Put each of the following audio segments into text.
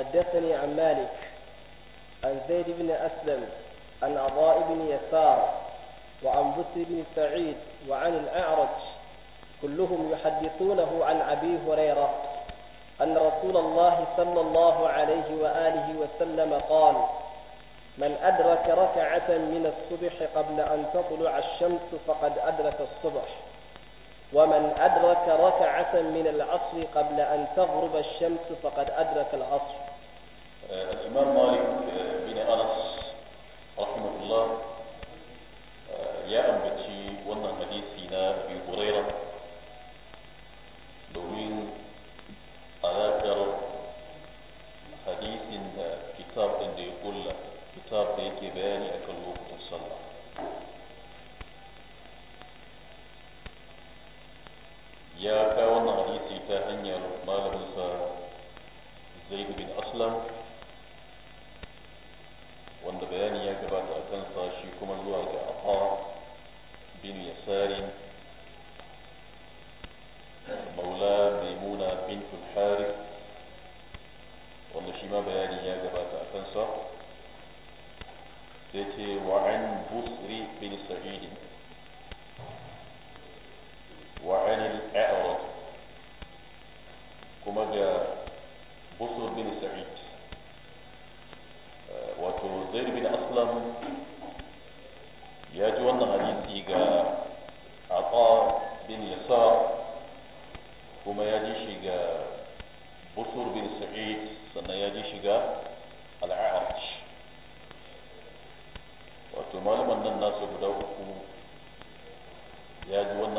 حدثني عن مالك عن زيد بن أسلم عن عضاء بن يسار وعن بسر بن سعيد وعن الأعرج كلهم يحدثونه عن أبي هريرة أن رسول الله صلى الله عليه وآله وسلم قال من أدرك ركعة من الصبح قبل أن تطلع الشمس فقد أدرك الصبح ومن أدرك ركعة من العصر قبل أن تغرب الشمس فقد أدرك العصر آه، الإمام مالك Yeah, ji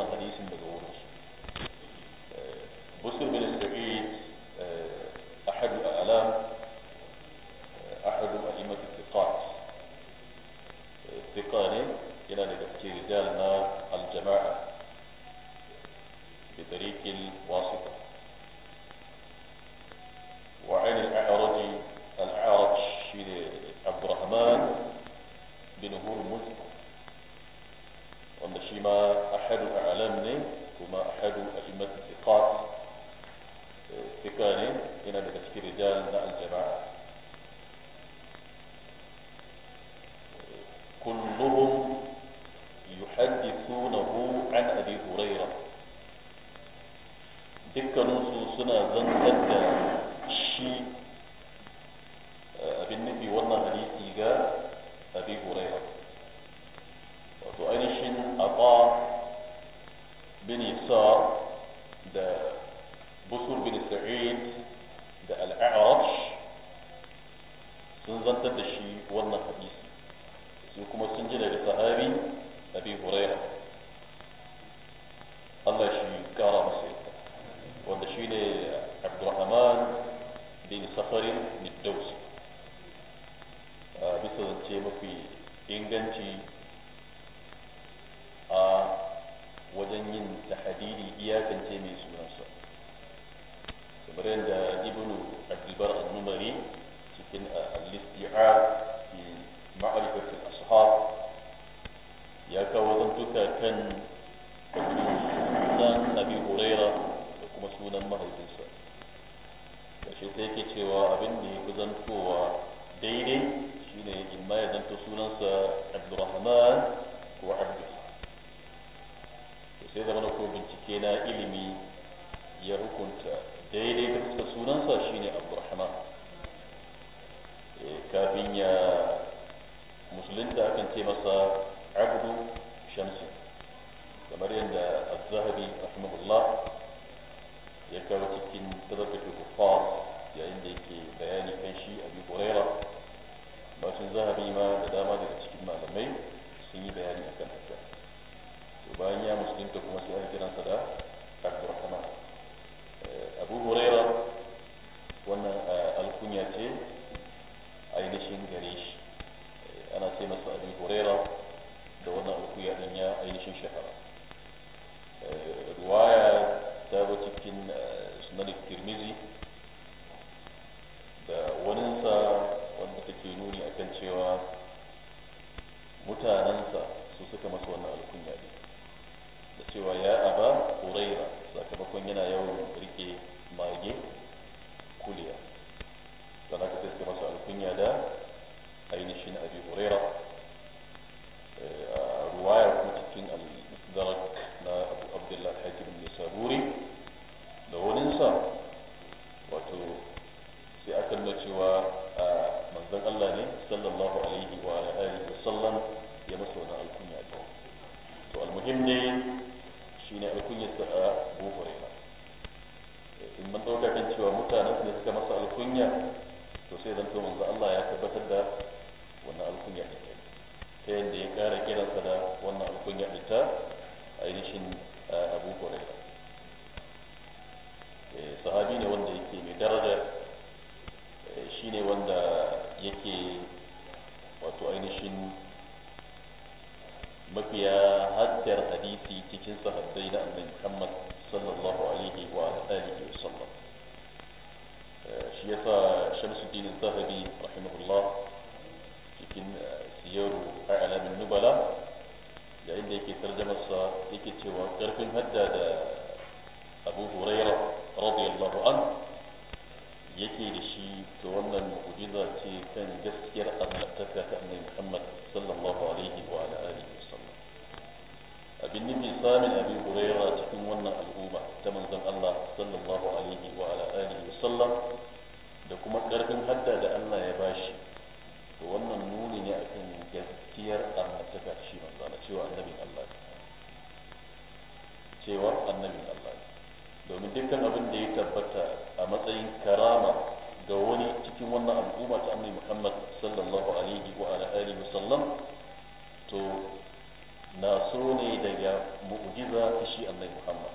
zo ne daga mu'jiza ta shi annabi Muhammad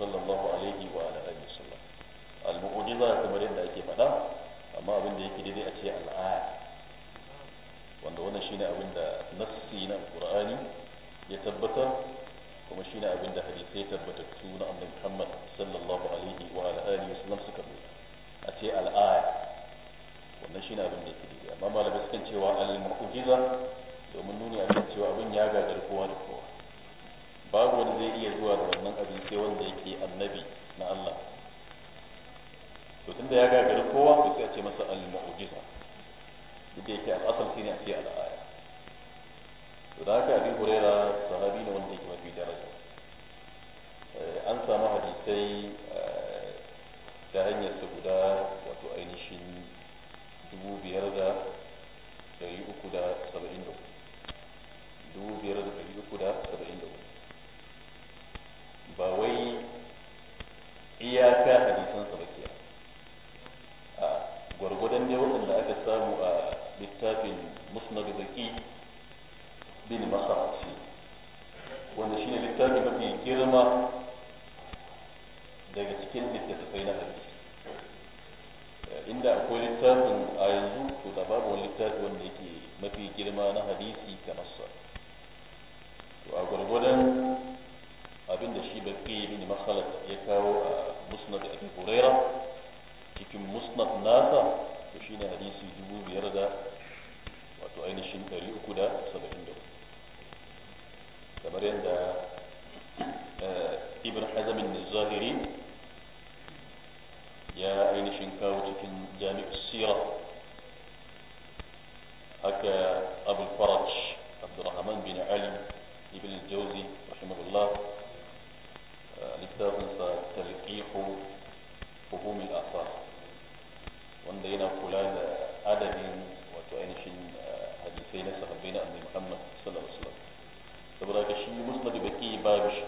sallallahu alaihi wa ala alihi wasallam al-mu'jiza kamar yadda ake faɗa amma abin da yake daidai a ce al'aya wanda wannan shine abin da nassi na Qur'ani ya tabbata kuma shine abin da ya tabbata, na annabi Muhammad sallallahu alaihi wa ala alihi wasallam suka nuna a ce al'aya wannan shine abin da yake daidai amma malamai sukan cewa al-mu'jiza domin nuni akan cewa abin ya gagar kowa da kowa babu wanda zai iya zuwa da wannan abin sai wanda yake annabi na Allah to tunda ya gagar kowa to sai a ce masa al-mu'jiza duk yake asal shine a ce al-aya to da haka abi huraira sahabi ne wanda yake mafi daraja eh, an samu hadisai eh, ta hanyar su guda wato ainihin dubu biyar da dari uku da dubu biyar da ɗari uku da saba'in da uku ba wai iyaka hadisansa ba ke a gwargwadon ne waɗanda aka samu a littafin musnad zaki bin masarci wanda shine littafi mafi girma daga cikin littattafai na hadisi inda akwai littafin a yanzu to da babu wani littafi wanda yake mafi girma na hadisi kamar sa to a gwargwadon abin da shi baki ibn masalat ya kawo a musnad abi huraira cikin musnad nasa to shine hadisi dubu biyar da wato ainihin ɗari kamar yadda ibn hazamin zahiri ya ainihin kawo cikin jami'ar sira Muhammad sallallahu alaihi wasallam saboda ka shi musnad baki ba shi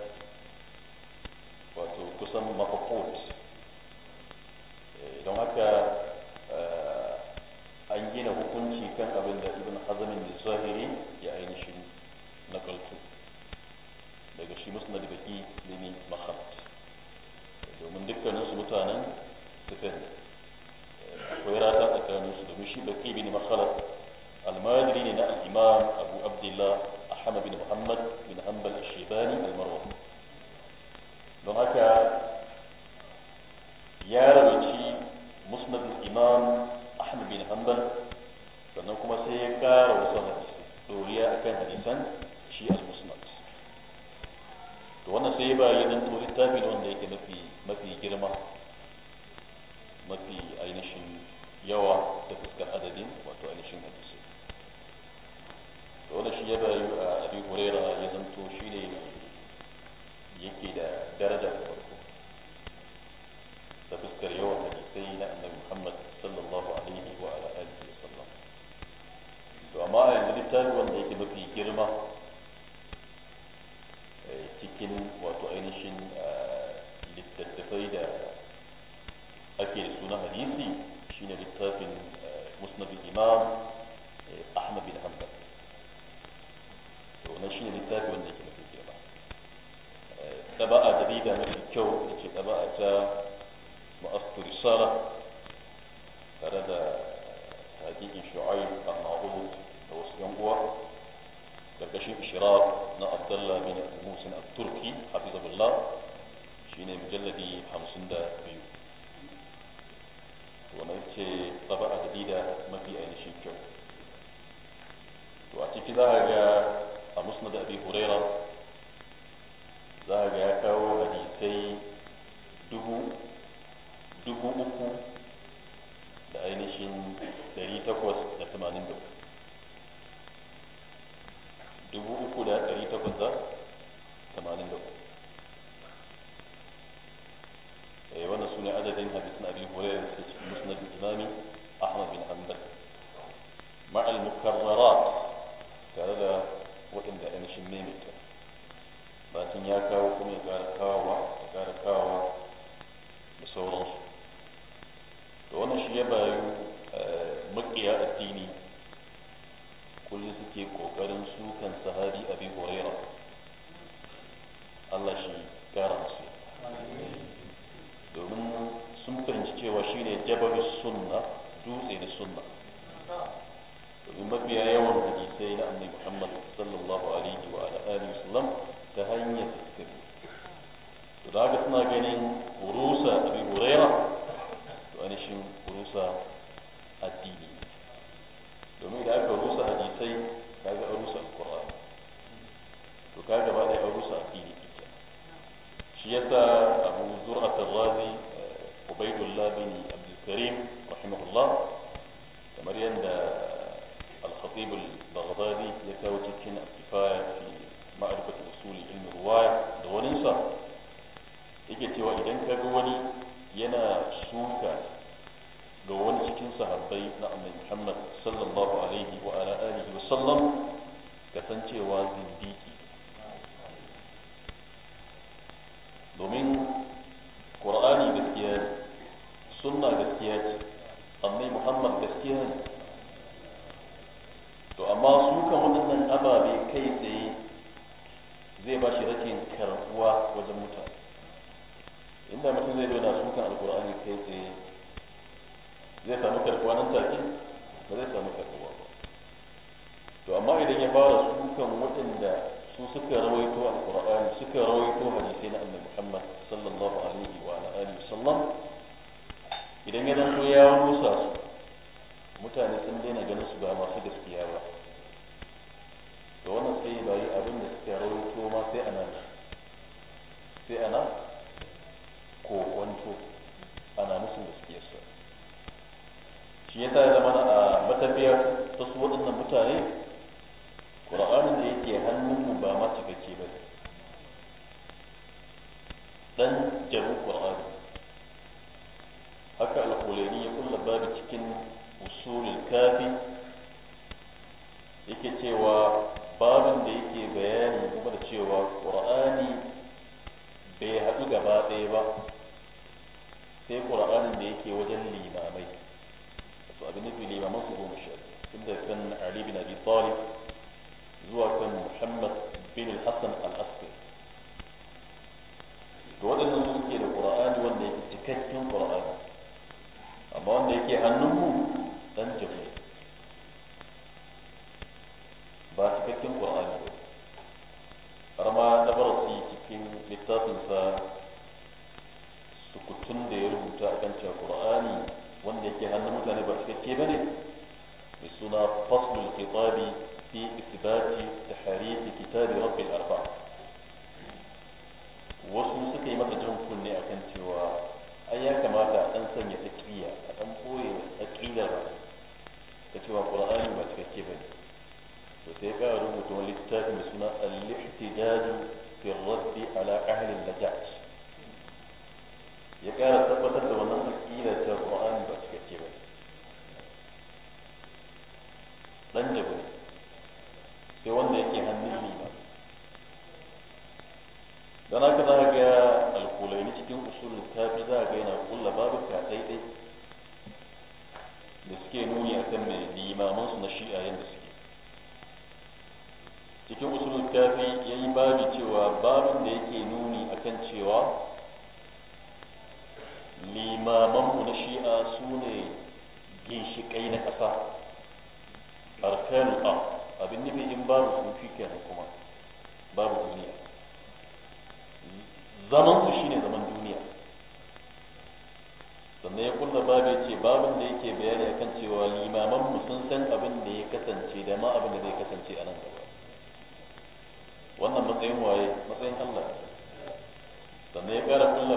dan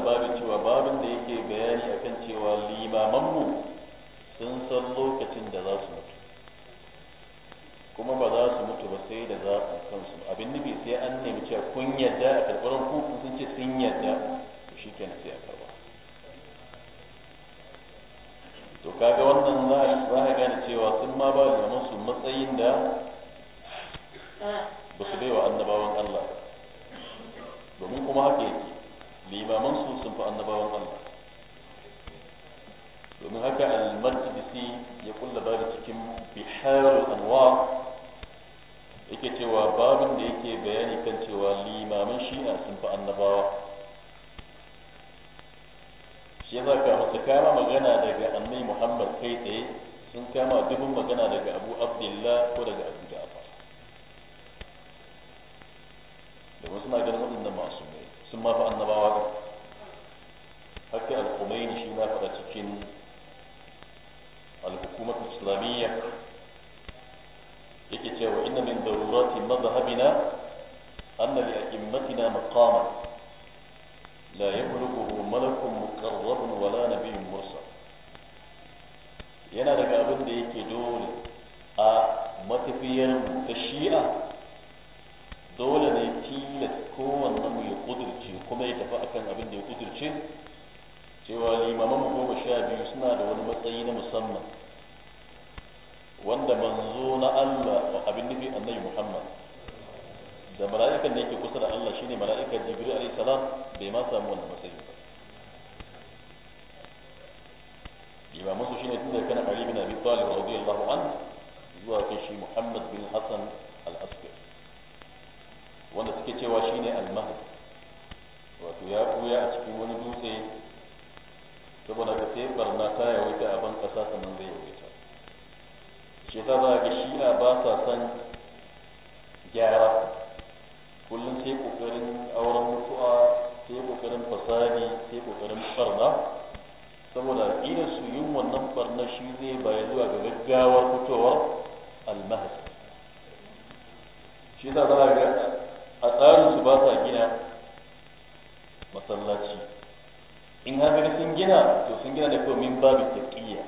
wannan cewa babin da yake bayani akan cewa limamanmu sun san lokacin da za su mutu kuma ba za su mutu ba sai da za a kansu abin nufi sai an nemi cewa kun yadda a karɓar ku sun ce sun yadda to shi ke sai a karɓa to kaga wannan za a gane cewa sun ma ba limaman su matsayin da ba su bai wa annabawan Allah domin kuma haka yake limaman su sun fi annabawan Allah domin haka al-majlisi ya kulla babu cikin biharul anwar yake cewa babin da yake bayani kan cewa limaman shi'a sun fi annabawa shi yasa kama su kama magana daga annabi Muhammad kai tsaye sun kama dubin magana daga Abu Abdullah ko daga Abu Da da wasu na ganin waɗannan masu sun ma fi annabawa ne haka al shi ma faɗa cikin al hukumar islamiyya yake cewa inna min darurati madhhabina anna li a'immatina maqama la yablughuhu malakun muqarrabun wala nabiyyun mursal yana daga abin da yake dole a matafiyar ta shi'a dole ne tilas kowanne mu ya kudurta kuma ya tafi akan abin da ya kuturce cewa limaman goma sha biyu suna da wani matsayi na musamman wanda manzo na Allah abin nufi annabi Muhammad da mala'ikan da yake kusa da Allah shine mala'ika Jibril alayhi salam bai ma samu wannan matsayi ba limaman su shine tunda kana Ali bin Abi Talib radiyallahu anhu zuwa kan shi Muhammad bin Hassan al-Askari wanda suke cewa shine al-Mahdi to ya ɓuya a cikin wani dutse saboda ka sai barna ta wuce a ban ƙasa sannan zai ta shi ta za ga shi'a ba sa son gyara kullum sai ƙoƙarin auren mutuwa sai ƙoƙarin fasadi sai ƙoƙarin barna saboda aƙidar su yin wannan barna shi zai baya zuwa ga gaggawar fitowar almahas shi ta za ga a tsarin su ba sa gina masallaci in har gani sun gina to sun gina da kawai min babu taqiyya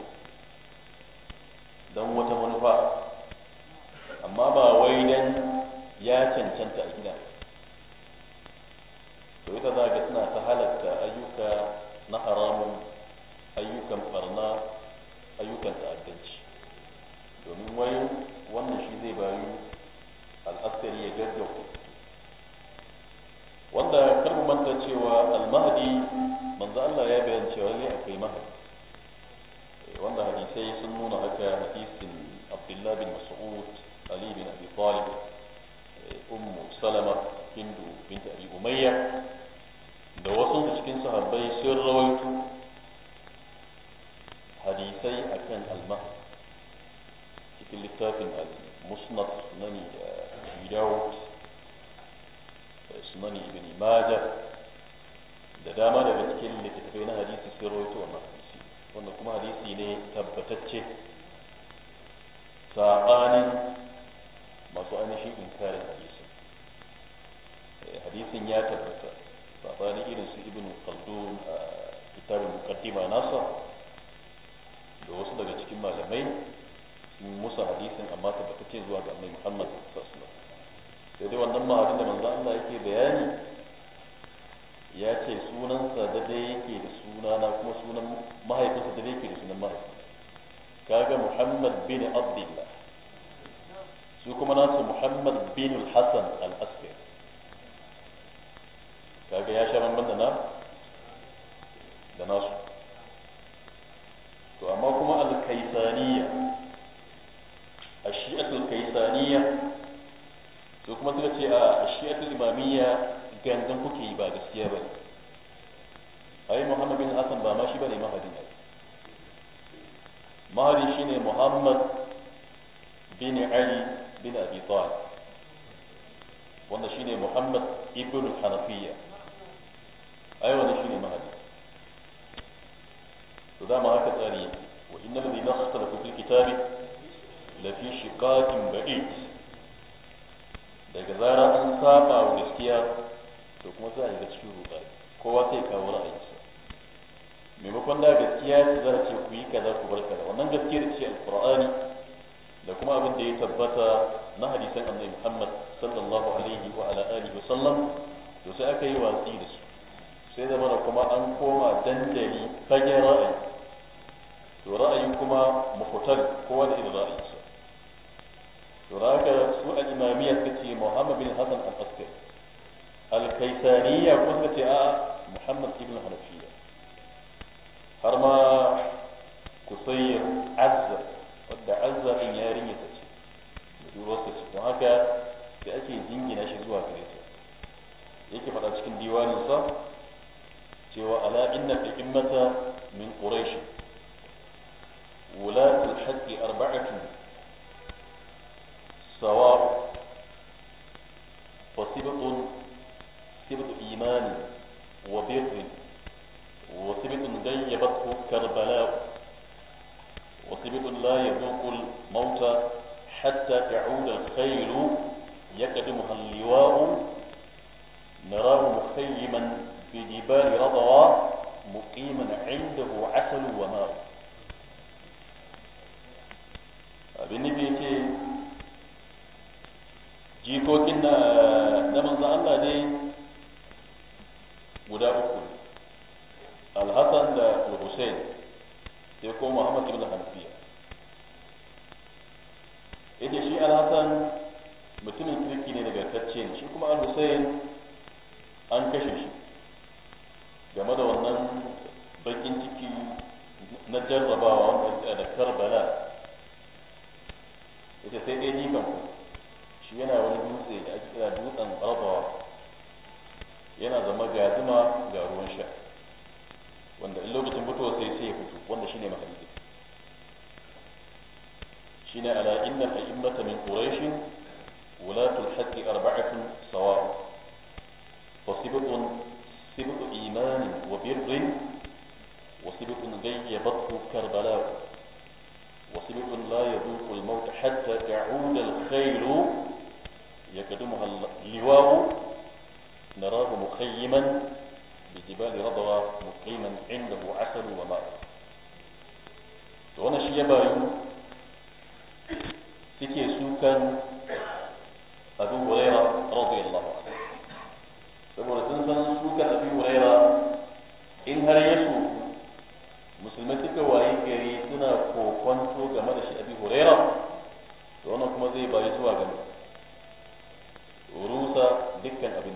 don wata manufa amma ba wai dan ya cancanta a gida to ita za ga suna ta halatta ayyuka na haramun ayyukan barna ayyukan ta'addanci domin wai wannan shi zai bayu al'asari ya gaggau wanda nuna cewa al-mahdi manzo Allah ya bayyana cewa ne akwai mahdi wanda hadisi sun nuna haka hadisin Abdullah bin Mas'ud Ali bin Abi Talib Ummu Salama Hindu bint Abi Umayya da wasu da cikin sahabbai sun rawaito hadisi akan al-mahdi cikin littafin al-Musnad sunani da Abi Dawud sunani ibn Majah da dama daga cikin littattafai na hadisi sun rawaito wannan hadisi wanda kuma hadisi ne tabbatacce saɓanin masu ainihin inkarin hadisin eh, hadisin ya tabbata saɓanin irin su ibn khaldun a kitabin muqaddima nasa da wasu daga cikin malamai sun musa hadisin amma tabbatacce zuwa ga annabi Muhammad sallallahu alaihi wasallam sai dai wannan ma'anin da manzo Allah yake bayani ya ce sunansa da dai yake da sunana kuma sunan mahaifinsa da yake da sunan mahaifinsa kaga muhammad bin abdullah su kuma nasu muhammad bin hassan al-askari kaga ya sha bamban da na da nasu to amma kuma al-kaisaniya a shi'atul kaisaniya su kuma suka ce a shi'atul imamiyya gangan kuke yi ba gaskiya ba ne ai muhammad bin hassan ba ma shi bane mahadi ne mahadi ne muhammad bin ali bin abi talib wanda ne muhammad ibn hanafiya ai wanda ne mahadi to dama haka tsari wa innal ladhi ikhtalafu fil kitabi la fi shiqaqin ba'id daga zarar an saba wa gaskiya to kuma za a shiga cikin ruɗa kowa sai ya kawo ra'ayinsa maimakon da gaskiya ce za a ce ku yi kaza ku bar kaza wannan gaskiyar ce alqur'ani da kuma abin da ya tabbata na hadisan annabi Muhammad sallallahu alaihi wa ala alihi wa sallam to sai aka yi watsi da su sai zama da kuma an koma dandali fagen ra'ayi to ra'ayin kuma mafutal kowa da irin ra'ayinsa to raka su al-imamiyya suka Muhammad bin Hassan al-Askari الكيسانية وكذلك آه محمد بن حنفية هرما قصير عز ودى عز في يارين يتجي يقول تأتي زنج ناشي زوا كريسا يكي فتا تكن ديوان صح سوى ألا إن في إمة من قريش ولاة الحج أربعة سواب فصيبة سبت إيمان وبر وسبت غيبته كربلاء وسبت لا يذوق الموت حتى تعود الخيل يكدمها اللواء نراه مخيما بجبال رضوى مقيما عنده عسل وماء بالنبي nufi guda uku alhassan da al-hussein sai ko muhammad ibn hanafiya yake shi alhassan mutumin kirki ne daga tacce shi kuma al-hussein an kashe shi game da wannan bakin ciki na jarrabawa wanda da karbala ita sai dai jikan ku shi yana wani dutse da ake kira dutsen rabawa zama ga zuma ga ruwan sha wanda in lokacin fitowa sai sai ya fito wanda shine mahallin shine ala inna al-a'immata min quraish wulatul haqqi arba'atun sawa fasibqun سبق إيمان وبر وسبق غيبته كربلاء وسبق لا يذوق الموت حتى تعود الخيل يقدمها اللواء نراه مخيما بجبال رضوى مقيما عنده عسل وماء وانا شيا بايو سكي سوكا ابو هريره رضي الله عنه ابو هريره سوكا ابو هريره إنها هر مسلمتك واي كري تنا فوقان فوق ما ابو هريره وانا كما زي بايتوا جنبه وروسا دكا ابو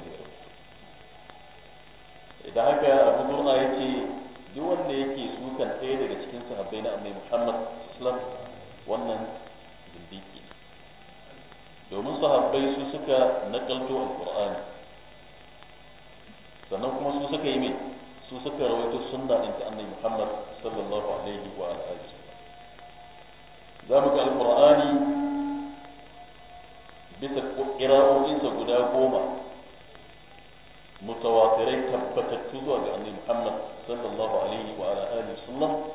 idan haka abu zurna ya ce duk wanda yake sukan ɗaya daga cikin sahabbai na annabi muhammad islam wannan zindiki domin sahabbai su suka nakalto alqur'ani sannan kuma su suka yi mai su suka rawaito sunna din ta annabi muhammad sallallahu alaihi wa alihi za mu ga alqur'ani bisa ƙira'o'insa guda goma متواترين تبتت سوى عن محمد صلى الله عليه وعلى آله وسلم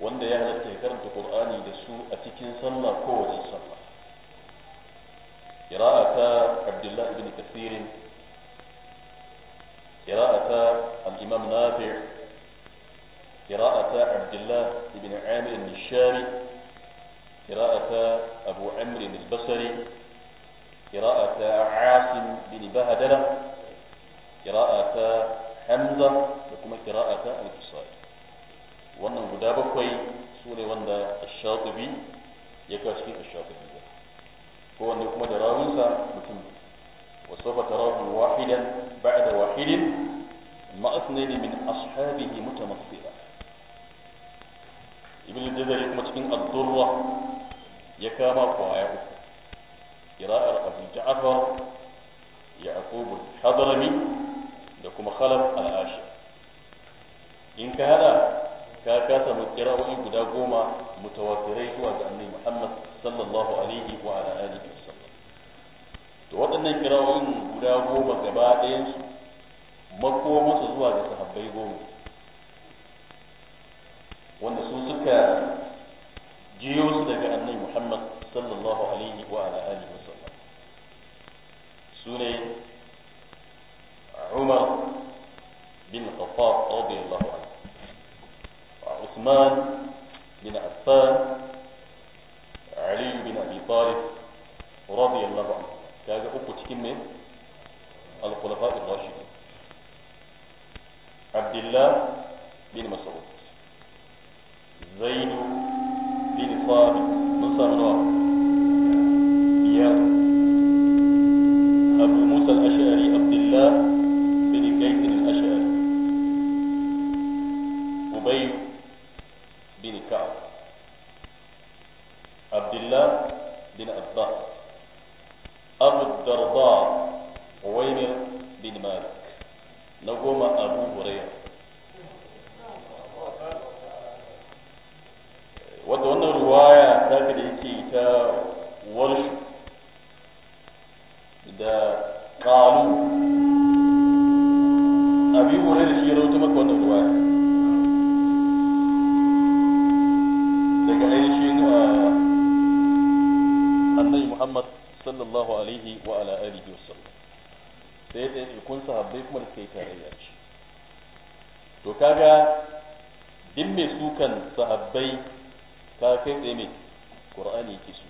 وأن يهلك تهكرت القرآن لسوء أتكين صلى كوة صلى قراءة عبد الله بن كثير قراءة الإمام نافع قراءة عبد الله بن عامر الشامي قراءة أبو عمرو البصري قراءة عاصم بن بهدلة قراءة حمزة لكم قراءة الكسائي wannan guda bakwai su ne wanda ashatubi ya kawo cikin ashatubi da ko wanda kuma da rawunsa mutum wa sawfa tarahu wahidan ba'da wahidin ma asnani min ashabihi mutamassila ibn jazari kuma cikin ad-durra ya kama kwaya uku qira'ar abu ja'far ya'qub al-hadrami kuma khalaf al-ashir in ka hada ka ka samu kira'o'i guda goma mutawatirai zuwa ga annabi Muhammad sallallahu alaihi wa ala alihi wasallam to waɗannan kira'o'in guda goma gaba ɗayan su makomansu zuwa ga sahabbai goma wanda su suka jiyo su daga annabi Muhammad sallallahu alaihi wa ala alihi wasallam su ne عمر بن الخطاب رضي الله عنه وعثمان بن عفان علي بن أبي طالب رضي الله عنه كذا أكو تكمل الخلفاء الراشدين عبد الله بن مسعود زيد بن ثابت بن سمراء أبو الدرداء bin بن na goma abu هريرة wadda wannan ruwaya ta da yake ta walsh da kalu abi hore da shi ya rauta maka wannan ruwaya daga ainihin ah, annabi muhammad sallallahu alaihi wa ala alihi wa sallam sai da ikun sahabbai kuma da suka tarayya ce to kaga duk mai sukan sahabbai ka kai tsaye mai qur'ani yake su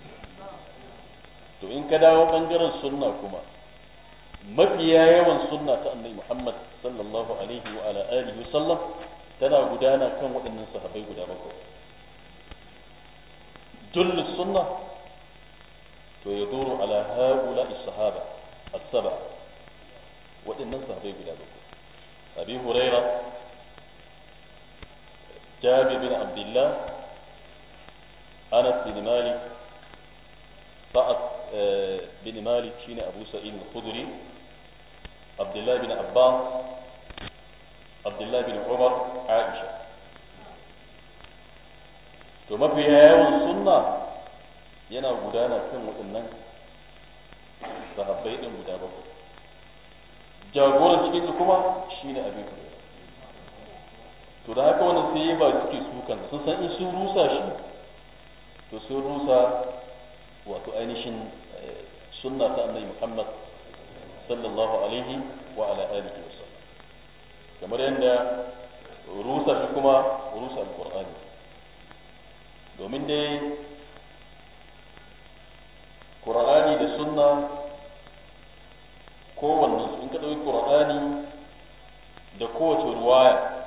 to in ka dawo bangaren sunna kuma mafiya yawan sunna ta annabi Muhammad sallallahu alaihi wa ala alihi wa sallam tana gudana kan waɗannan sahabbai guda bakwai dullu sunna فيدور على هؤلاء الصحابة السبعة وإن ننصح بلادكم أبي هريرة جابر بن عبد الله أنس بن مالك سعد آه، بن مالك شين أبو سعيد الخدري عبد الله بن عباس عبد الله بن عمر عائشة ثم في هذه السنه yana gudana kan waɗannan sahabbai ɗin guda bakwai jagoran cikin su kuma shine abin to da haka wannan sai ya ba suke sukan sun san in sun rusa shi to sun rusa wato ainihin eh, sunna ta annabi Muhammad sallallahu alaihi wa ala alihi wa kamar yadda rusa shi kuma rusa alqur'ani domin dai ƙur'ani da sunna kowanne in ka ɗauki ƙur'ani da kowace ruwaya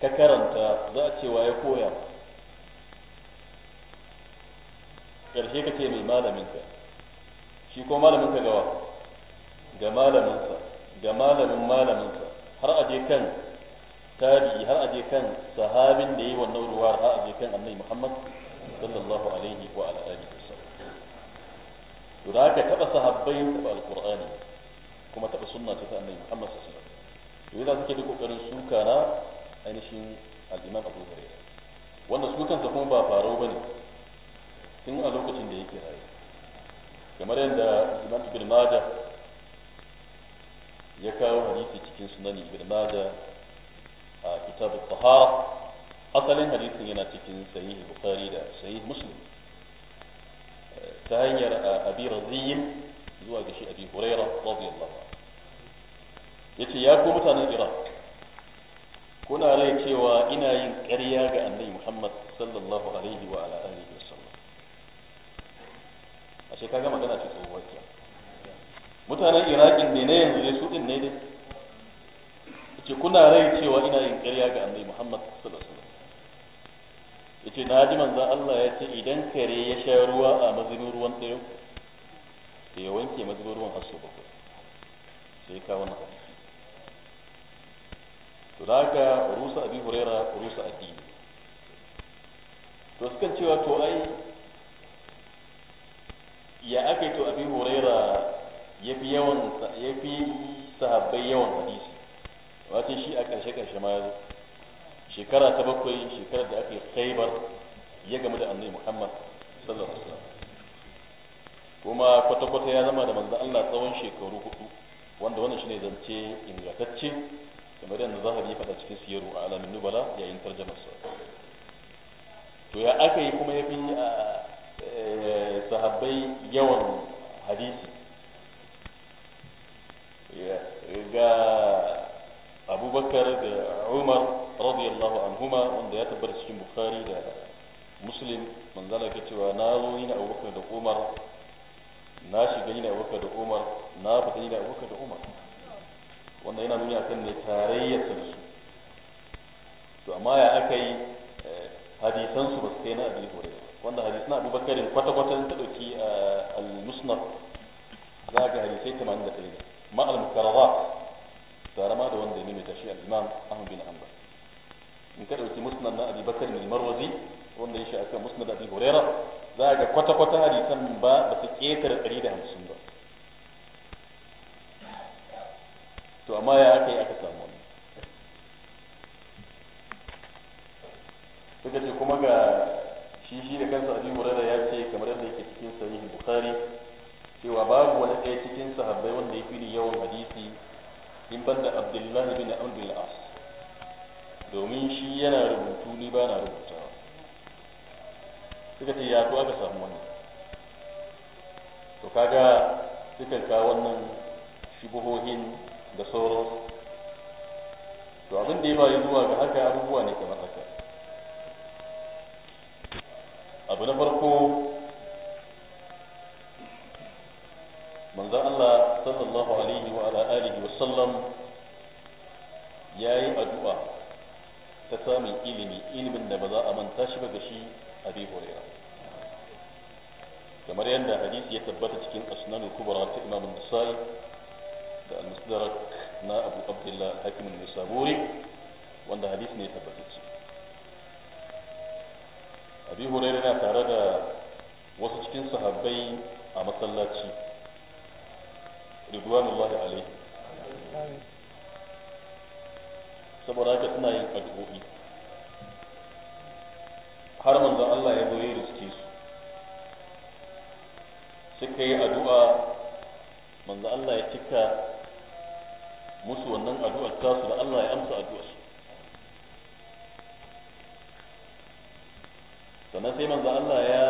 ka karanta za a cewa ya koya ƙarshe ka ce mai malaminka shi ko malaminka gawa ga malaminsa ga malamin malaminsa har a je kan tabi'i har a je kan sahabin da yi wannan ruwar har a je kan annabi Muhammad sallallahu alaihi wa ala alihi wasallam to da haka taba sahabbai taba alqur'ani kuma taba sunna ta annabi Muhammad sallallahu alaihi wasallam to idan kokarin suka na ainihin al Abu Hurairah wanda su kansa kuma ba farau bane tun a lokacin da yake raye kamar yadda imam Ibn ya kawo hadisi cikin sunani Ibn a kitabut tahara asalin hadisin yana cikin sahih bukhari da sahih muslim ta hanyar abi radiyin zuwa ga shi abi huraira radiyallahu yace ya ku mutanen iraq kuna rai cewa ina yin ƙarya ga annabi muhammad sallallahu alaihi wa ala alihi a ashe kaga magana ce tsohuwa ke mutanen iraqin ne na yanzu ne su din ne dai yace kuna rai cewa ina yin ƙarya ga annabi muhammad sallallahu yace na ji manzon Allah ya ce idan kare ya sha ruwa a mazubin ruwan tsayo da ya wanke mazubin ruwan asuba bakwai sai ka wannan hadisi to da haka rusa abi huraira rusa addini to sukan cewa to ai ya aka to abi huraira fi yawan fi sahabbai yawan hadisi wato shi a ƙarshe ƙarshe ma ya zo shekara ta bakwai shekarar da aka yi khaibar ya gamu da annabi muhammad sallallahu alaihi wasallam kuma kwata-kwata ya zama da manzo Allah tsawon shekaru hudu wanda wannan shine zance ingantacce kamar yadda zahabi ya faɗa cikin siyaru a alamin nubala yayin tarjamar sa to ya aka yi kuma yafi eh, eh, sahabbai yawan hadisi ga abubakar da umar radiyallahu anhuma wanda ya tabbata cikin bukhari da muslim manzala ke cewa na zo ni na abubakar da umar na shiga ni na abubakar da umar na fita ni na abubakar da umar wanda yana nuni akan ne tarayyar su to amma ya aka yi eh, hadisan su ba su kai na abi hurairah wanda hadisan abubakarin kwata-kwata ta dauki eh, al-musnad za ga hadisai 81 ma al-mukarrarat tare ma da wanda ya maimaita shi al-imam ahmad bin hanbal in ka dauki musnad na abi bakar ne marwazi wanda ya shafi a musnad abi huraira za ga kwata kwata hadisan ba ba su da 150 ba to amma ya aka yi aka samu wannan suka ce kuma ga shi shi da kansa abi huraira ya ce kamar yadda yake cikin sahihin bukhari cewa babu wani ɗaya cikin sahabbai wanda ya fi yawan hadisi in banda abdullahi bin Abdul as domin shi yana rubutu ni ba na rubuta suka ce ya to aka samu wani. to kaga suka ka wannan shubuhohin da sauransu to abin da ya bayi zuwa ga haka abubuwa ne kamar haka abu na farko manzo Allah sallallahu alaihi wa ala alihi wa sallam yayi addu'a ta samun ilimi ilimin da ba za a manta shi ba ga shi Abi kamar yadda hadisi ya tabbata cikin asnanul kubra ta Imam Nasa'i da al-Mustadrak na Abu Abdullah Hakim an-Nisaburi wanda hadisi ne ce. Abi Hurairah yana tare da wasu cikin sahabbai a masallaci ridwanullahi alaihi saboda haka suna yin addu'o'i har manzon Allah ya zo ya riske su suka yi addu'a manzon Allah ya cika musu wannan addu'ar tasu da Allah ya amsa addu'ar su sannan sai manzo Allah ya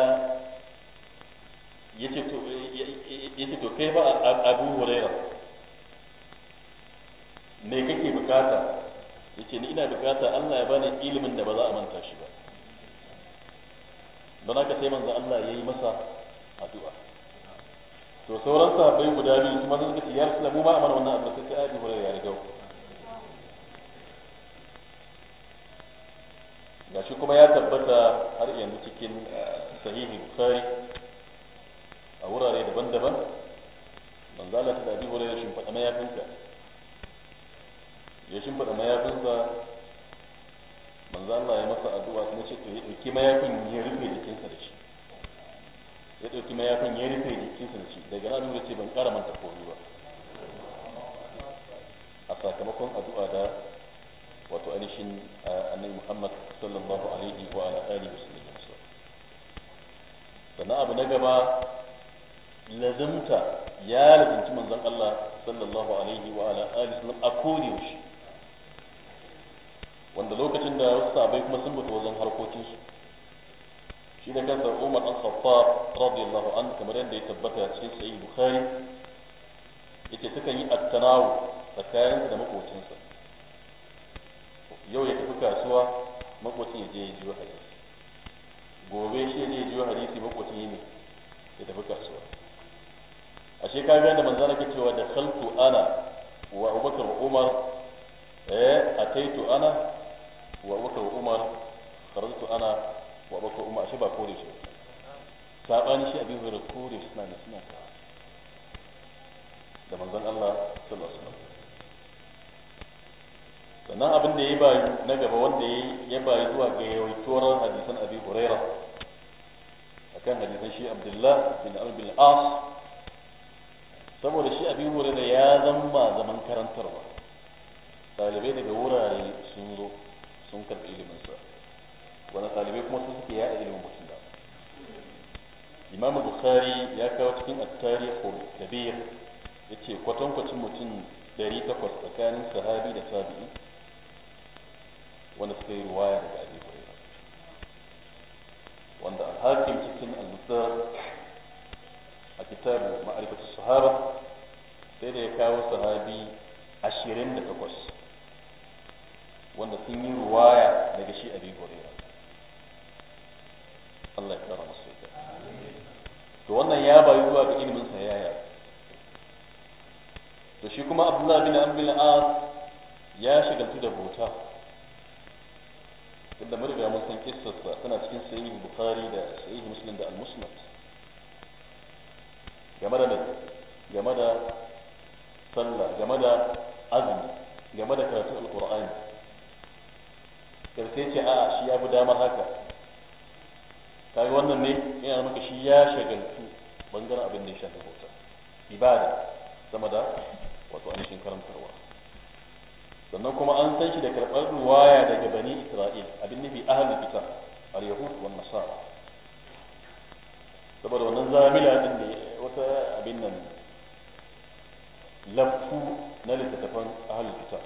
ya ce to yace to kai ba abu huraira me kake bukata yace ni ina bukata Allah ya bani ilimin da ba za a manta shi ba don haka sai manzo Allah yayi masa addu'a to sauran sahabbai guda biyu kuma sun ce ya rasu mu ma amana wannan abu sai abu huraira ya riga shi kuma ya tabbata har yanzu cikin eh, sahihi bukhari a wurare daban-daban ban za ta dabi wurin shin fada mayafinsa ya shin fada mayafinsa za Allah ya masa addu'a kuma ce ya dauki mayafin ya rufe jikinsa da shi ya dauki mayafin ya rufe jikinsa da shi daga nan ya ce ban kara manta komai ba a sakamakon addu'a da wato ainihin annabi Muhammad sallallahu alaihi wa alihi wasallam sannan abu na gaba Lazimta ya lazimci manzon Allah sallallahu alaihi wa ala alihi wasallam a kodi yaushe wanda lokacin da wasu sabai kuma sun bata wajen harkokin su shi da kansa Umar an Khattab radiyallahu anhu kamar yadda ya tabbata cikin sahih Bukhari yake suka yi at-tanawu tsakaninsa da makocinsa yau ya tafi kasuwa makocin ya je ya jiyo hadisi gobe shi ne ya jiyo hadisi makocin ya ne ya tafi kasuwa ashe ka ga da manzana yake cewa da saltu ana wa Abubakar Umar eh ataitu ana wa Abubakar Umar kharajtu ana wa Abubakar Umar ashe ba kore shi sabani shi abin hura kore suna da suna da manzan Allah sallallahu alaihi wasallam sannan abin da ya bayu na gaba wanda ya bayu zuwa ga yawaituwar hadisan abi huraira akan hadisan shi abdullah bin abdul as saboda shi abin wuri da ya zama zaman karantarwa ɗalibai daga wurare sun zo sun karɓi sa wani ɗalibai kuma sun suke yada ilimin mutum da imamu bukhari ya kawo cikin attarihul kabir ya ce kwatankwacin mutum 800 tsakanin sahabi da sabi wanda suka yi ruwaya daga abi wanda alhakim cikin al a kitabu ma'arifatu sahaba sai da ya kawo sahabi ashirin da takwas wanda sun yi ruwaya daga shi a hurairah Allah ya kara masu ita to wannan ya bayu zuwa ga ilimin sa yaya to shi kuma Abdullahi bin abdul ya shigantu da bota tunda mun riga mun san kissarsa tana cikin sahih Bukhari da sahih Muslim da Al-Musnad game da game da sallah game da azumi game da al alqur'ani karshe ce a shi ya fi damar haka kai wannan ne yana maka shi ya shagaltu bangaren abin da ya shafi ibada sama da wato ainihin karantarwa sannan kuma an san shi da karɓar waya daga bani isra'il abin nufi ahalin kitab al-yahud wa nasara saboda wannan zamila din ne wata abin nan lamfu na littattafan ahal kitab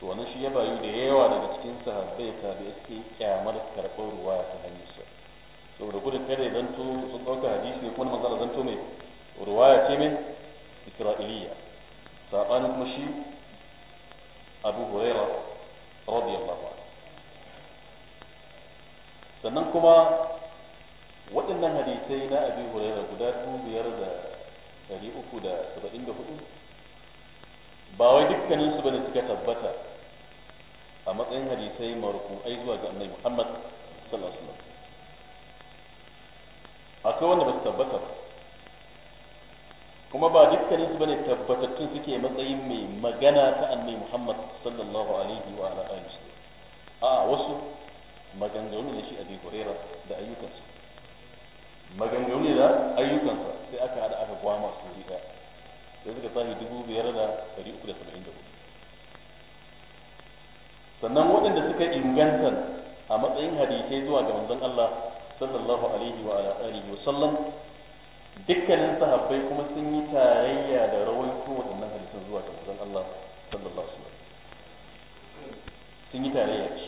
to wani shi ya bayu da yawa daga cikin sahabbai ta da yake kyamar karɓar ruwa ta hanyar sa saboda gudun kare zanto sun ɗauka hadisi ne kuma manzara zanto mai ruwaya ce mai isra'iliya saɓani kuma shi abu huraira radiyallahu anhu sannan kuma waɗannan hadisai na abi hurairah guda dubu biyar da ɗari uku da saba'in da hudu ba wai dukkanin su ne suka tabbata a matsayin hadisai ai zuwa ga annabi Muhammad sallallahu alaihi wasallam akwai wanda ba su tabbata ba kuma ba dukkanin su ne tabbatattun suke matsayin mai magana ta annabi Muhammad sallallahu alaihi wa ala alihi a wasu maganganu ne shi abi Hurairah da ayyukansu maganganu ne da ayyukansa sai aka hada aka gwama su wuri sai suka sami dubu biyar da dari uku da saba'in da hudu sannan waɗanda suka inganta a matsayin hadisai zuwa ga manzon Allah sallallahu alaihi wa alihi wa sallam dukkanin sahabbai kuma sun yi tarayya da rawaito waɗannan hadisan zuwa ga manzon Allah sallallahu alaihi wa sallam sun yi tarayya ce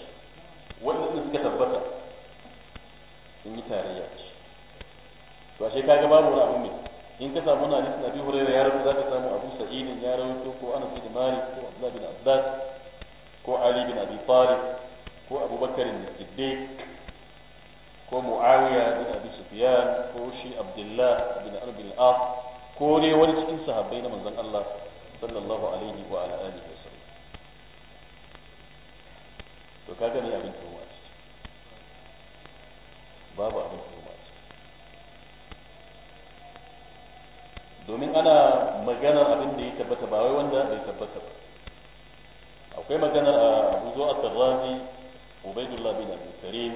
waɗanda suka tabbata sun yi tarayya ce to ashe kaga babu wani abu ne in ka samu na hadisin abi hurairah ya za zaka samu abu sa'idin ya rawaito ko anas bin malik ko abdullah bin abbas ko ali bin abi talib ko abubakar bin siddiq ko muawiya bin abi sufyan ko shi abdullah bin amr al al ko ne wani cikin sahabbai na manzon Allah sallallahu alaihi wa ala alihi wa sallam to kaga ne abin tuwa babu abin domin ana maganar abin da ya tabbata ba wai wanda bai tabbata ba akwai maganar a ah, abu zo a tarrazi ubaidullah bin abu karim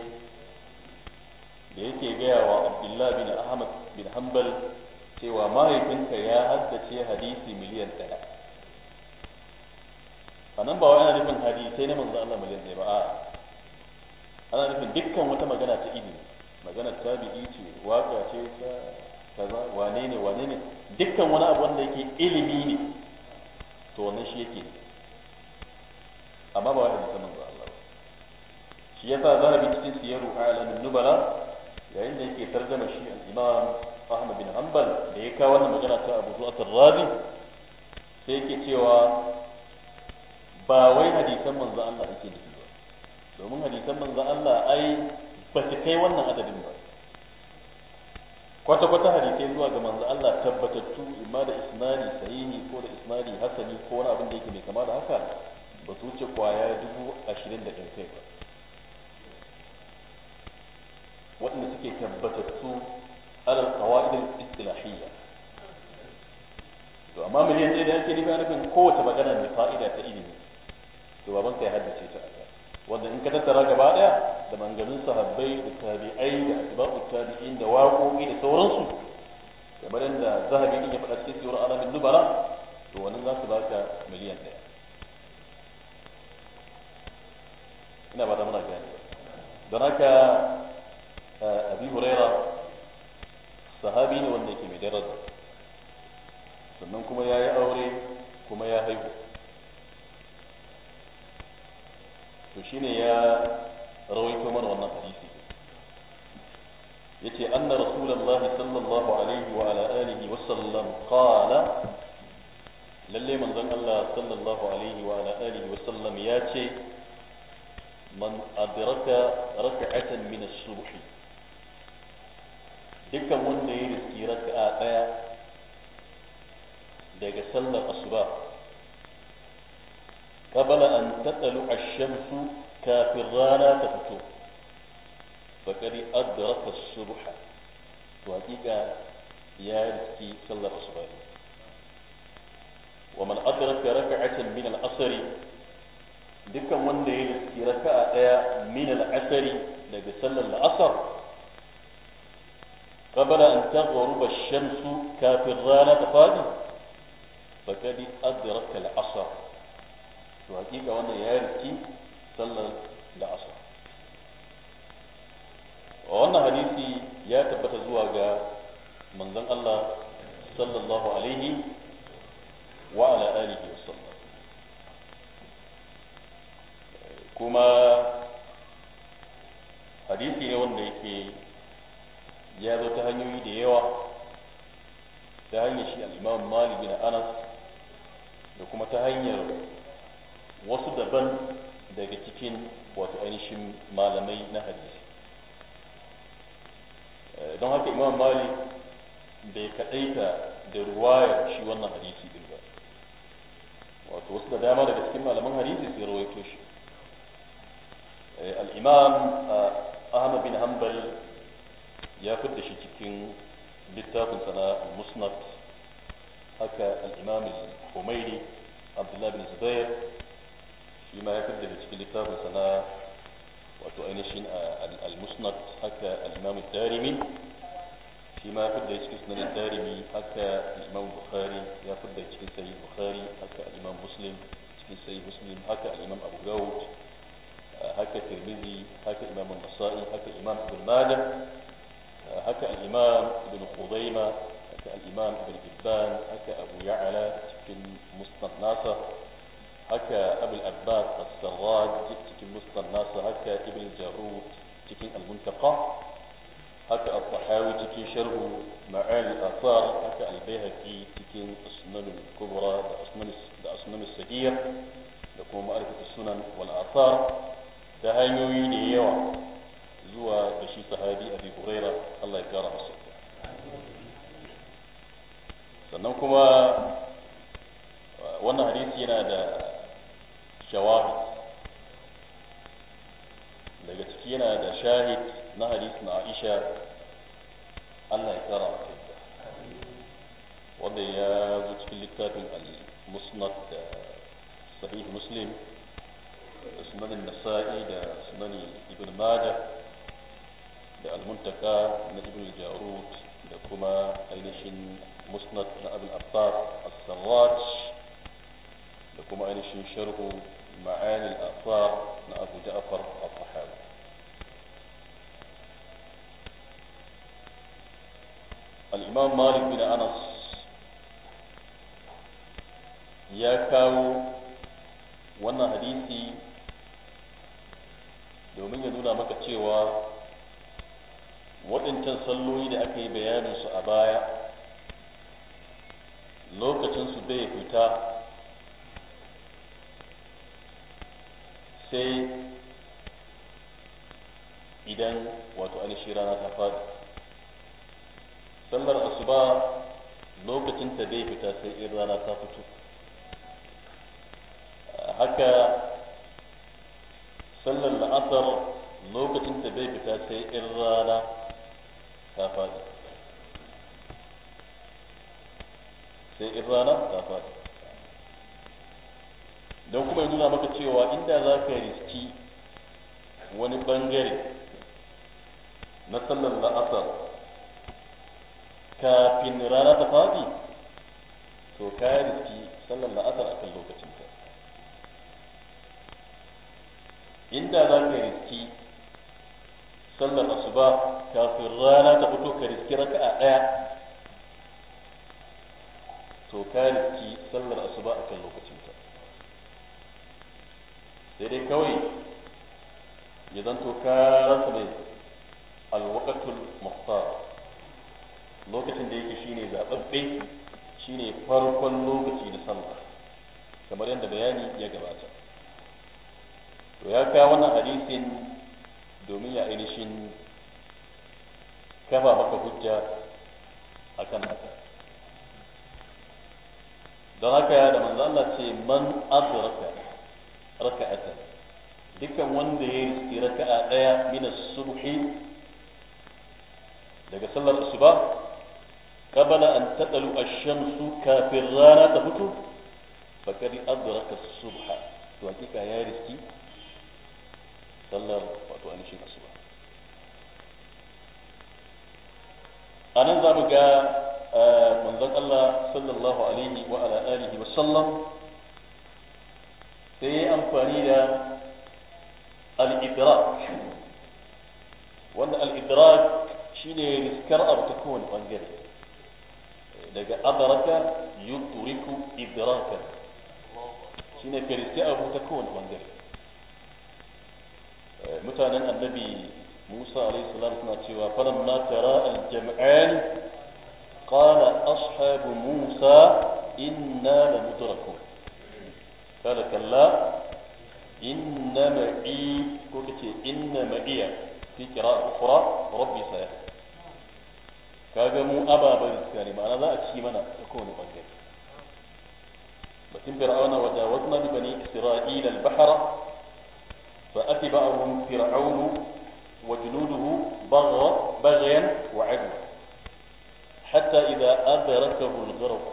da yake gaya wa abdullah bin ahmad bin hanbal cewa mahaifinka ya haddace hadisi miliyan ɗaya a nan ba wai ana nufin hadisai na manzo Allah miliyan ɗaya ba a ana nufin dukkan wata magana ta ilimi magana tabi'i ce waka ce ta kaza wane ne wane ne dukkan wani abu wanda yake ilimi ne to wannan shi yake amma ba wai hadisa manzo Allah shi yasa zahabi cikin siyaru alamin nubala yayin da yake tarjama shi al-imam Ahmad bin Hanbal da ya kawo wannan magana ta Abu Zu'at ar-Razi sai yake cewa ba wai hadisan manzo Allah yake shi ba domin hadisan manzo Allah ai ba su kai wannan adadin ba kwata-kwata hadisai zuwa ga manzo Allah tabbatattu imma da isnani sahihi ko da isnani hasani ko wani abin da yake mai kama da haka ba su wuce kwaya dubu ashirin da ɗin kai ba waɗanda suke tabbatattu alal qawaidil istilahiyya to amma miliyan ɗaya da yake nufin kowace magana mai fa'ida ta ilimi to baban kai haddace ta wanda in ka tattara gaba daya da manganin sahabbai da tabi'ai da asbabu tabi'in da waƙoƙi da sauransu kamar yadda zahabi din ya faɗa cikin sura alamin nubara to wannan za su baka miliyan ɗaya ina ba da muna gani don haka eh, abi huraira sahabi ne wanda yake mai daraja sannan kuma ya yi aure kuma ya haihu to shi ne ya rawaito mana wannan hadisi yace anna rasulullah sallallahu alaihi wa ala alihi wa sallam qala lalle manzon Allah sallallahu alaihi wa ala alihi wa sallam ya ce man adraka rak'atan min as-subh dukkan wanda ya riski raka'a daya daga sallar asuba قبل أن تطلع الشمس كافرانا تفتو فقد أدرك الصبح وهكذا يا رزقي صلى الله ومن أدرك ركعة من العصر دك من يرزقي ركعة من العصر لك صلى العصر قبل أن تغرب الشمس كافرانا تفادي فقد أدرك العصر to hakika wannan ya riki sallar da asu wannan hadisi ya tabbata zuwa ga manzon Allah sallallahu alaihi wa ala alihi wasallam kuma hadisi ne wanda yake ya zo ta hanyoyi da yawa ta hanyar shi al-Imam Malik Anas da kuma ta hanyar wasu daban daga cikin wato ainihin malamai na hadisi eh, don haka imam malik bai kaɗaita da ruwaya shi wannan hadisi din ba wato wasu da dama daga cikin malaman hadisi sai ruwaito shi eh, al-imam ah, ahmad bin hanbal ya fidda shi cikin littafin sana musnad haka al-imam al abdullah bin zubair فيما يقدمه في كتاب سنا وتؤنشن آه، المسند حكى الإمام الدارمي فيما يقدمه في سنن الدارمي حكى الإمام البخاري يقدمه في سيد البخاري حكى الإمام مسلم في سيد مسلم حكى الإمام أبو داود آه، حكى الترمذي حكى الإمام النصائي حكى الإمام ابن ماجه آه، حكى الإمام ابن خزيمة حكى الإمام ابن حبان حكى أبو يعلى في المسند ناصر هكا أبو الأباس السراج تكن مصطى الناس هكا ابن الجاروت تكن المنتقى هكا الطحاوي تكن شره معالي الآثار هكا البيهكي تكن أسنان الكبرى أسنان السجير لكم معرفة السنن والآثار تهيوي ليوا زوى بشي صحابي أبي هريرة الله يكرم السجير sannan kuma wannan hadisi yana shawahid daga ciki yana da shahid na hadisin Aisha Allah ya kara mata wanda ya zo cikin littafin al-musnad da sahih muslim da sunan nasa'i da sunan ibn majah da al-muntaka na ibn jarud da kuma ainihin musnad na abul abbas as-sarraj da kuma ainihin sharhu ma'ani athar na Abu Ja'far al-Tahawi al-Imam Malik bin Anas ya kawo wannan hadisi domin ya nuna maka cewa waɗancan salloyi da aka yi bayaninsu a baya lokacinsu bai fita sai idan wato alishi rana ta faɗi sallar asuba lokacin ta bai fita sai in rana ta fito haka sallar la'asar lokacin ta bai fita sai in rana ta faɗi sai in rana ta faɗi don kuma ya nuna maka cewa inda za ka riski wani bangare na sallar la'asar kafin rana ta faɗi to ka riski sallar la'asar a lokacin lokacinka, inda za ka riski sallar asuba kafin rana ta fito ka riski a ɗaya to ka riski sallar asuba kan lokacin sai dai kawai ya zanto ka rasa mai alwakatul muhtar lokacin da yake shine zaɓaɓɓe shine farkon lokaci da sallah kamar yadda bayani ya gabata to ya kawo wannan hadisin domin ya ainihin kafa maka hujja a kan haka don haka ya da manzo Allah ce man azraka raka'atan dukkan wanda ya yi raka'a daya min as-subhi daga sallar asuba qabla an tatalu ash-shamsu kafin rana ta fito faqad adraka as-subha to hakika ya riski sallar wato anishin asuba anan za mu ga eh, manzon Allah sallallahu alaihi wa ala alihi wa sallam sai amfani da al-idrak wanda al shi ne riskar abu ta kowane bangare daga adaraka yudriku idrakan shi ne riske abu ta kowane bangare mutanen annabi Musa alaihi salam suna cewa na tara al-jam'an qala ashabu Musa inna lamudrakun قال كلا إن معي كوكتي إن معي في قراءة أخرى ربي سيهدين kaga mu ababen riska ne ma'ana za a ci mana da kowane bangare batun fir'auna wa jawazna bi bani isra'ila al-bahra fa atba'ahum fir'aunu wa junuduhu bagha baghyan wa 'adwa hatta idha adrakahu al-gharq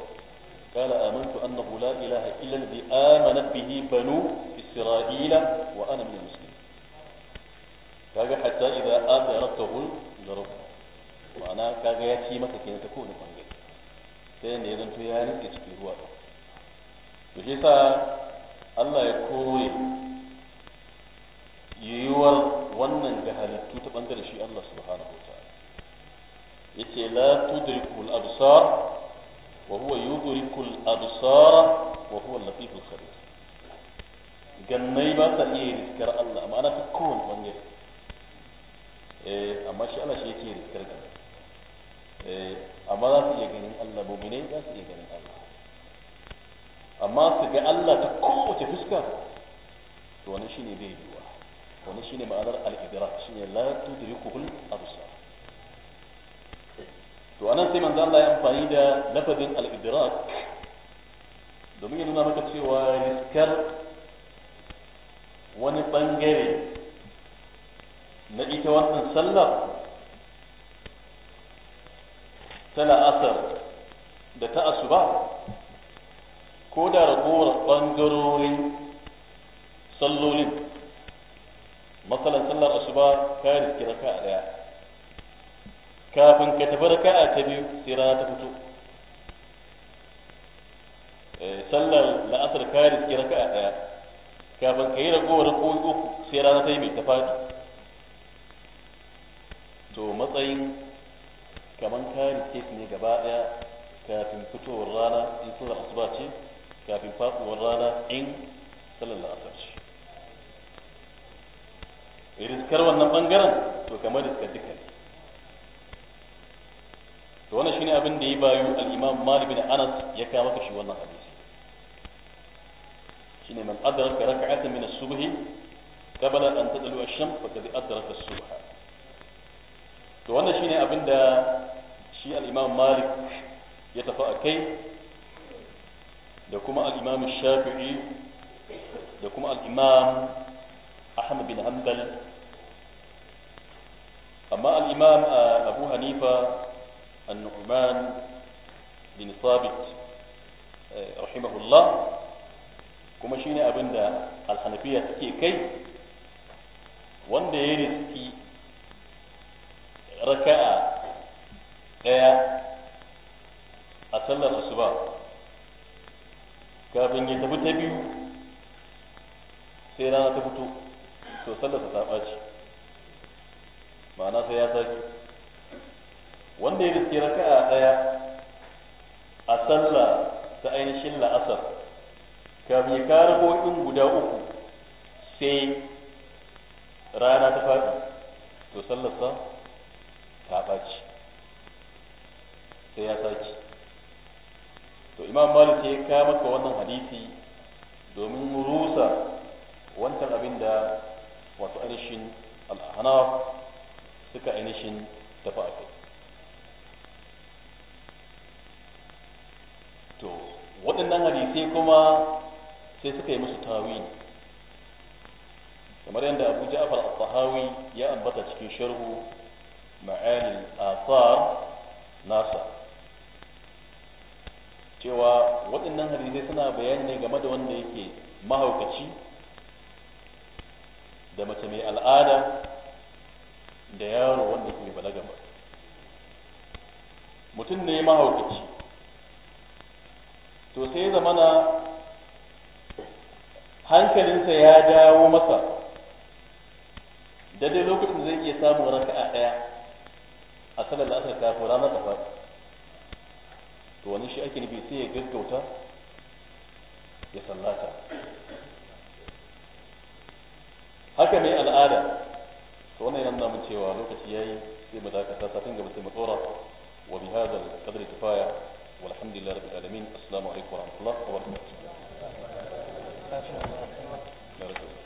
قال آمنت أنه لا إله إلا الذي آمنت به بنو إسرائيل وأنا من المسلمين قال حتى إذا آمنته لرب وأنا كاغا يأتي متى كي تكون بانجي تين إذن تياني كتبه هو وجيسا الله يقول يور wannan jahalattu ta شيء الله سبحانه وتعالى. يتي لا تدرك الأبصار wa huwa yughrikul absara wa huwa al-latiful khabir gannai ba sa iya riskar Allah ma'ana ta kowane bangare eh amma shi Allah shi yake riskar ka eh amma za su iya ganin Allah mu'minai za su iya ganin Allah amma su ga Allah ta kowace fuska to wannan shine bai yiwa wannan shine ma'anar al-idrak shine la tudrikuhul absar to anan sai manzo Allah ya amfani da lafazin al-idrak domin ya nuna maka cewa riskar wani bangare na ita wannan sallar ta la'asar da ta asuba ko da ragowar bangarorin sallolin matsalan sallar asuba ta riski raka a daya kafin ka tafi ka'a ta biyu sai rana ta fito eh, sallar la'asar ka raka a daya kafin ka yi ragowar rakowi uku sai rana ta yi mai tafadi to matsayin kamar kari riske su ne gaba daya kafin fitowar rana in sallar asuba ce kafin faɗuwar rana in sallar la'asar ce riskar wannan bangaren to kamar riskar duka ne to wannan shine abin da ya bayu al-Imam Malik bin Anas ya kawo maka shi wannan hadisi shine man adraka rak'atan min as-subh qabla an tadlu ash-shams faqad adraka as-subh to wannan shine abin da shi al-Imam Malik ya tafi akai da kuma al-Imam Shafi'i da kuma al-Imam Ahmad bin Hanbal amma al-Imam uh, Abu Hanifa النعمان بن Sabit رحمه الله kuma shine abin da alhanafiya suke kai wanda ya riski raka'a ɗaya a sallar asuba kafin ya tafi biyu sai rana ta fito to sallar ta ce ma'ana sai ya sake wanda ya riske raka'a daya a sallah ta ainihin la'asar kafin ya kara in guda uku sai rana ta faɗi to sallarsa ta ɓaci sai ya sace. to imam malik ya ka maka wannan hadisi domin rusa wancan abin da wasu ainihin al'ahanaf suka ainihin tafi a kai waɗannan hadisai kuma sai suka yi musu tawi kamar yadda abu ja'far al-tahawi ya ambata cikin sharhu al athar nasa cewa waɗannan hadisai suna bayani ne game da wanda yake mahaukaci da mace mai al'ada da yaro wanda ke balaga ba mutum ne mahaukaci to sai zamana hankalinsa ya dawo masa da dai lokacin zai iya samun raka'a ɗaya a salar da asar kafin ranar da faɗi to wani shi ake nufi sai ya gaggauta ya sallata haka mai al'ada to wannan yana mun cewa lokaci yayi sai mu dakata satin gaba sai mu tsora wa bihadal qadri kifaya والحمد لله رب العالمين السلام عليكم ورحمة الله وبركاته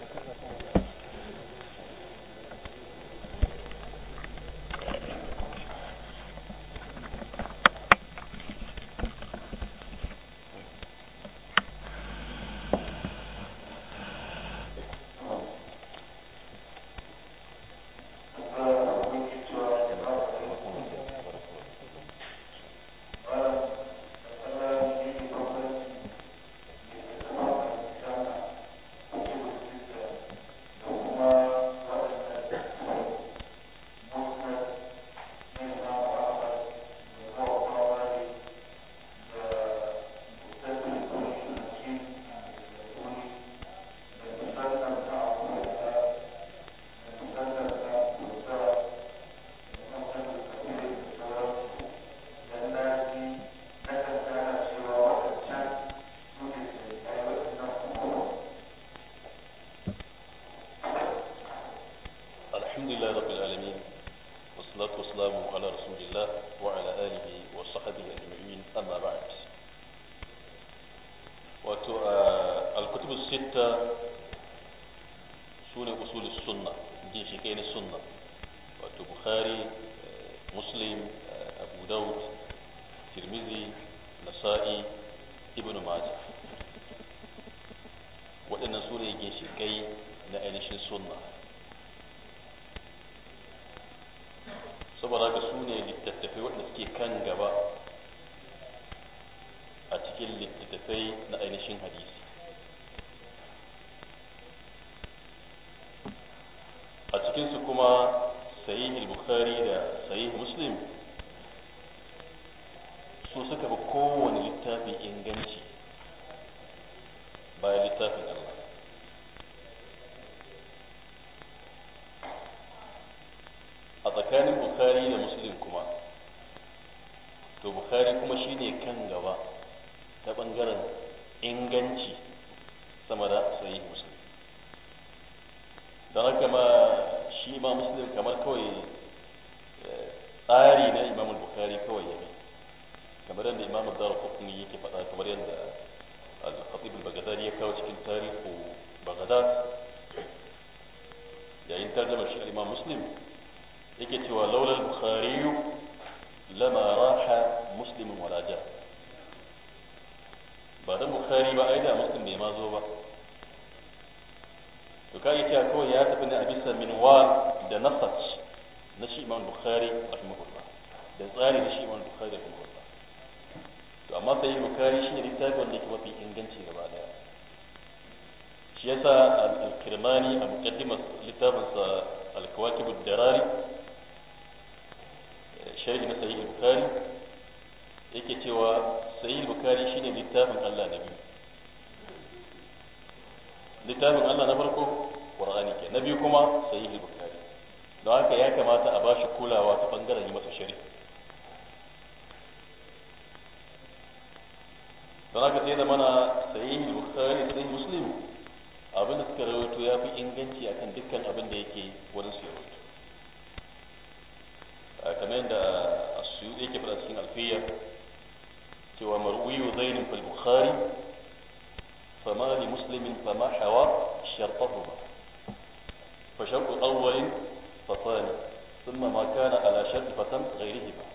littafin Allah na biyu littafin Allah na farko Qur'ani ke na biyu kuma sai yi bukari don haka ya kamata a bashi kulawa ta bangaren yi masa shari'a don haka sai da mana sahih al-Bukhari sahih Muslim abin da suka rawaito ya fi inganci akan dukkan abin da yake wurin su rawaito kamar yadda asu yake fara cikin alfiyar سوى مروي زين في البخاري فما لمسلم فما حوى شرطهما فشرط أول فثاني ثم ما كان على شرط فتم غيرهما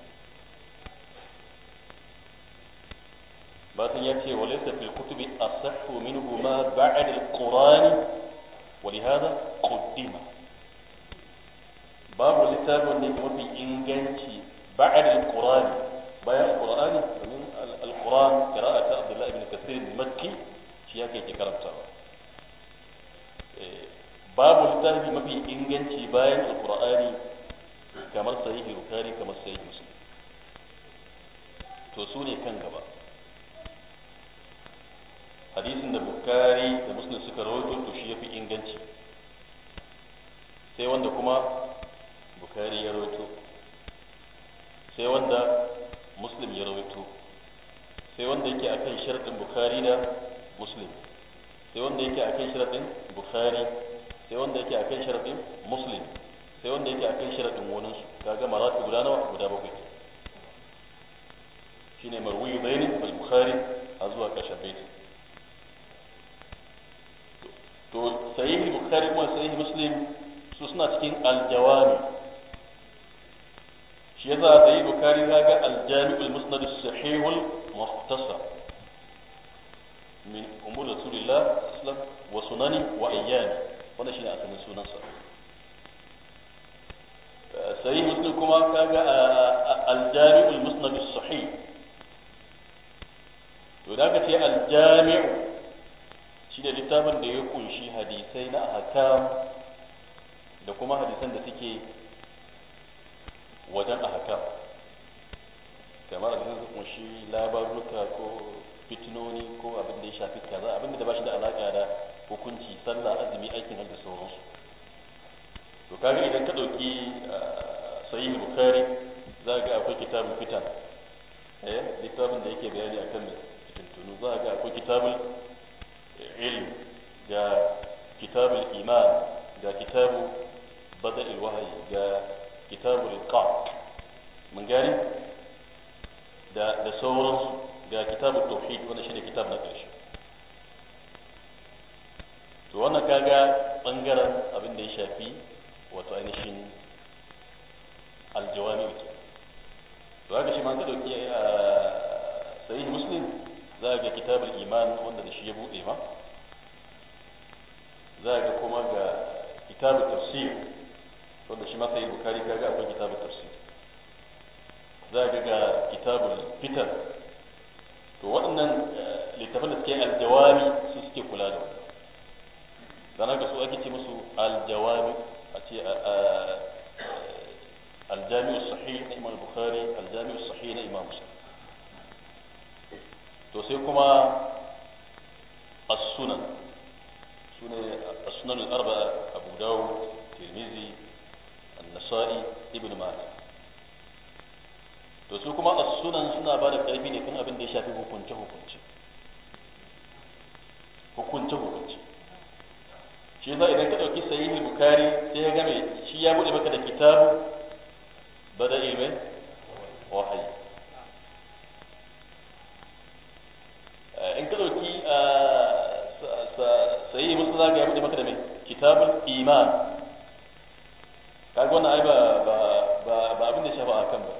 باتن يأتي وليس في الكتب أصح منهما بعد القرآن ولهذا قدم باب الرسالة والنجمة بإنجانتي بعد القرآن بيان القرآن فمن القرآن قراءة عبد الله بن كثير المكي شياكي كرم سوا باب التهدي ما في إنجن باين القرآن كما صحيح البخاري كما صحيح مسلم توسوني كان gaba حديث da bukari da muslim suka rawaito to shi sai wanda kuma bukari ya rawaito sai wanda muslim ya rawaito sai wanda yake kan sharadin bukhari da muslim sai wanda yake kan sharadin bukhari sai wanda yake kan sharadin muslim sai wanda yake kan sharadin wani su gama maratu guda nawa guda bakwai ne marwiyu zai wal bukhari a zuwa kashin baiti to sahihi bukhari kuma sahihi muslim su suna cikin aljawami shi yasa sahihi bukhari ga aljami'ul musnadu sahihul مختصر من أمور رسول الله صلى وسنن وأيام wannan shine asalin sunansa sai muslim kuma kaga al-jami'ul musnad as-sahih to da kace al-jami'u shine littafin da ya kunshi hadisai na ahkam da kuma hadisan da suke wajen ahkam kamar abin kuma shi labaruka ko fitinoni ko abin da ya shafi kaza abin da ba shi da alaka da hukunci sallah azumi aikin da sauransu to kaga idan ka dauki ah, sahih bukhari za ga akwai kitabul fitan eh littafin da yake bayani akan fitintunu za ga akwai kitabul ilm da kitabul iman da kitabu bada'il wahyi da kitabul qaf mun gani da da sauransu ga kitabu tauhid wannan shine kitab na ƙarshe to wannan kaga bangaren abin da ya shafi wato ainihin aljawami ke to haka shi ma ka dauki sahih muslim za ga kitabul iman wanda da shi ya bude ma za ga kuma ga kitabul tafsir wanda shi ma sahih bukhari kaga akwai kitabul tafsir za ka ga kitabul fitar to waɗannan eh, littafin da suke aljawami su suke kula da wannan zana ga su ake ce musu aljawami a ce aljami'u sahih na imam bukhari aljami'u sahih na imam muslim to sai kuma as-sunan sunan as-sunan al-arba'a abu dawud tirmidhi an-nasa'i ibn majah to su kuma a sunan suna ba da ƙarfi ne kan abin da ya shafi hukunce hukunce hukunce hukunce shi yasa idan ka ɗauki sahihul bukari sai ya game shi ya bude maka da kitabu bada ilmai wahayi eh, in ka ɗauki sahihi musu zaga ya bude maka da mai kitabul iman kaga wannan ai ba ba ba abin da ya shafa akan ba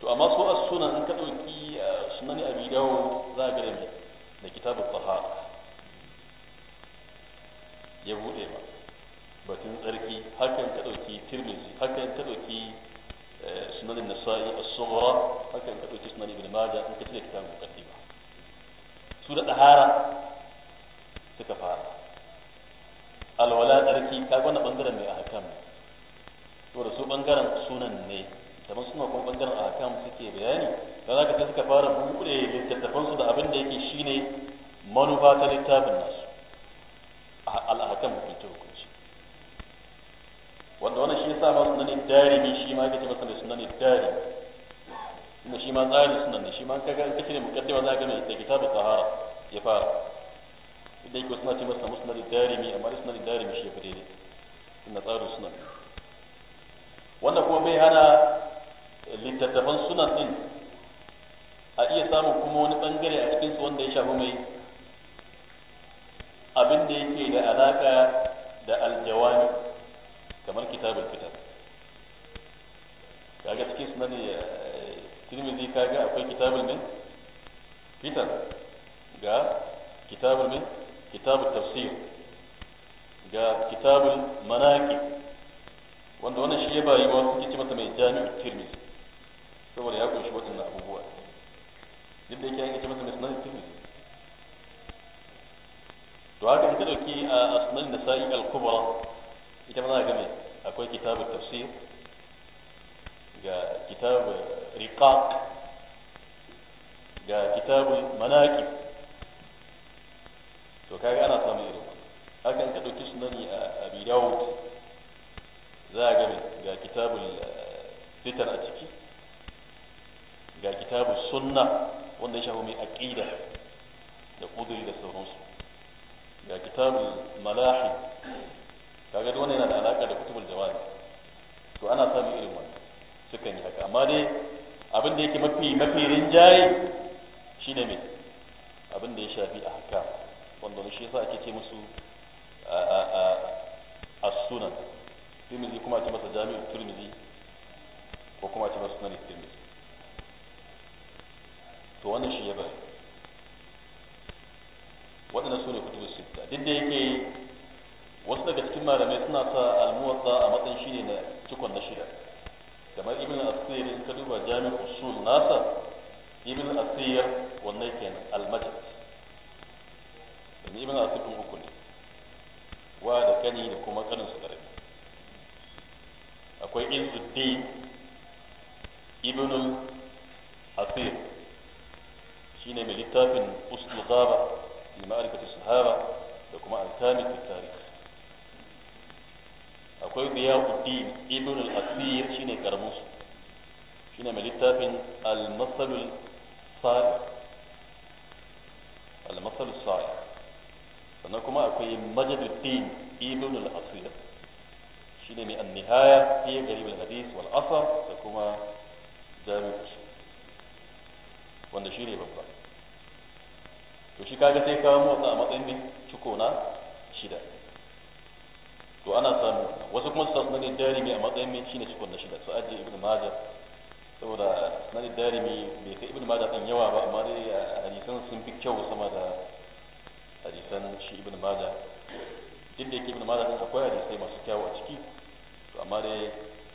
to amma su a suna in ka dauki eh, sunan a bidawo za ga da kitabul tahara ya bude ba ko kuma a ce masu sunan tirmidhi to wannan shi ya bari waɗannan su ne kutubu sita duk da yake wasu daga cikin malamai suna sa almuwatsa a matsayin shi ne na cikon na shida kamar ibn asir in ka duba jami'u usul nasa ibn asir wannan kenan almajad ibn asir din uku ne wa da kani da kuma kanin su akwai izuddin ibnul asir shine mai littafin usul gaba fi ma'arifati sahaba da kuma alkami fi tarikh akwai diyauddin ibnul asir shine karamin su shine mai littafin al-masalul salih al-masalul salih sannan kuma akwai majaduddin ibnul asir shine mai an-nihaya fi garibul hadith wal asar da kuma jami'u wanda shi ne babba to shi kaga sai kawo motsa a matsayin ne ciko na shida to ana samu wasu kuma su sa sunan darimi a matsayin ne shine ciko na shida su ajiye Ibn maja saboda sunan darimi bai kai Ibn maja kan yawa ba amma dai a ah, hadisan sun fi kyau sama da hadisan shi ibn maja duk da yake maja kan akwai hadisai masu kyau a ciki to amma dai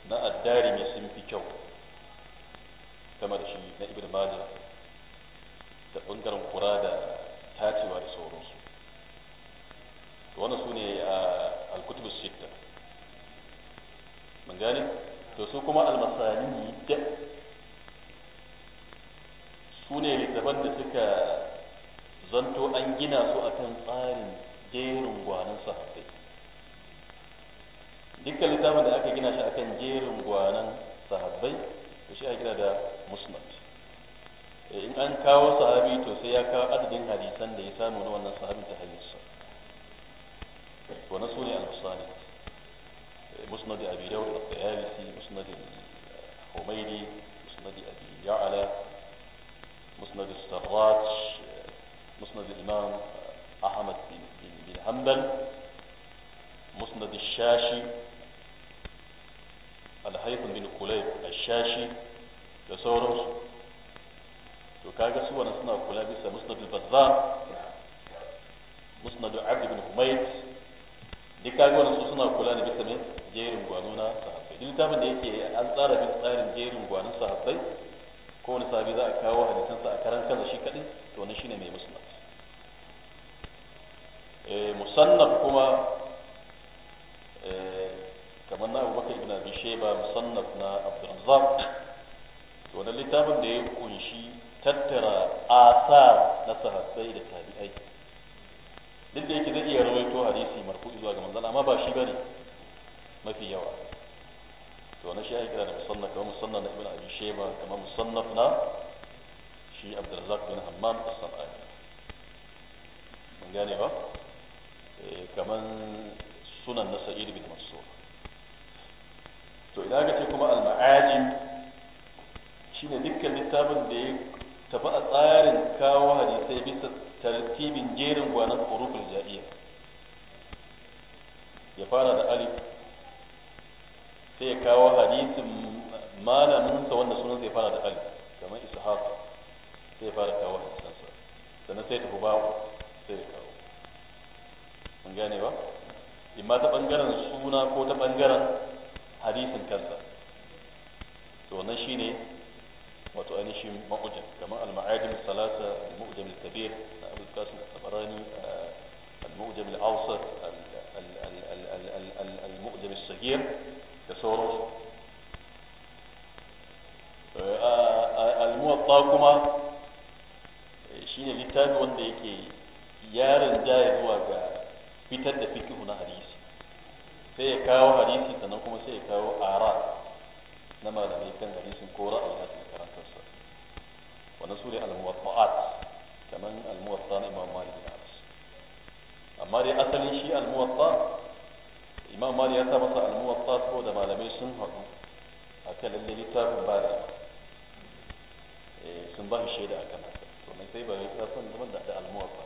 na mai sun fi kyau sama da shi na ibn majah da bangaren kura da tacewa da sauransu to wannan su ne a alkutubu sitta mun gani to su kuma almasani da su ne littafan da suka zanto an gina su akan tsarin jerin gwanin sahabbai dukkan littafin da aka gina shi akan jerin gwanin sahabbai shi a kira da musnad in an kawo sahabi to sai ya kawo adadin hadisan da ya samu na wannan sahabi ta hadisan wannan sune al-musnad musnad abi dawud al-tayalisi musnad humaydi musnad abi ya'la musnad al-sarraj musnad al-imam ahmad bin hanbal musnad al-shashi الهيثم بن كليب الشاشي da sauransu to kaga su wannan suna kula bisa musnad al bazza musnad abd ibn humayd duk kaga wannan su suna kula ne bisa ne jerin gwanu na sahabbai duk littafin da yake an tsara bin tsarin jerin gwanun sahabbai ko wani sahabi za a kawo sa a karan kansa shi kadai to wannan shine mai musnad eh musannaf kuma eh, kamar na abubakar ibn abi shayba musannaf na Razzaq to wannan littafin da ya kunshi tattara asar na sahabbai da tabi'ai duk da yake zai iya rawaito hadisi marfu zuwa ga manzon amma ba shi bane mafi yawa to na shi ake kira da musannaf kamar musannaf na ibn abi shayba kamar musannaf na shi abdurrazzaq bin hammam as-sanani mun gane ba eh, kamar sunan na sa'id bin mansur to idan ka ce kuma al-ma'ajim shine dukkan littafin da ya tafi a tsarin kawo hadisai bisa tartibin jerin gwanan kurukul jami'a. ya fara da alif sai ya kawo hadisin malaminsa wanda sunan sai fara da alif kamar ishaq sai ya fara kawo hadisansa sannan sai tafi babu, sai ya kawo mun gane ba imma ta bangaren suna ko ta bangaren hadisin kansa to wannan shine وتؤنشم معجم كما المعادن الثلاثة المؤدم الكبير أبو القاسم الطبراني آه، المؤدم الأوسط المؤدم الصغير كسورس آه، آه، الموطاكما شين لتان وندك يارن جاهد وقا فتد فيك هنا حديث سيكاو حديث سنقوم سيكاو آراء نما لديكن حديث كورا أو حديث wani su al-muwatta'at kamar al-muwatta na imam malik da anas amma dai asalin shi al-muwatta imam malik ya sa masa al-muwatta ko da malamai sun haɗu a kan lalle littafin ba da eh, sun ba shi shaida akan kan haka to mai sai ba ya san zaman da al-muwatta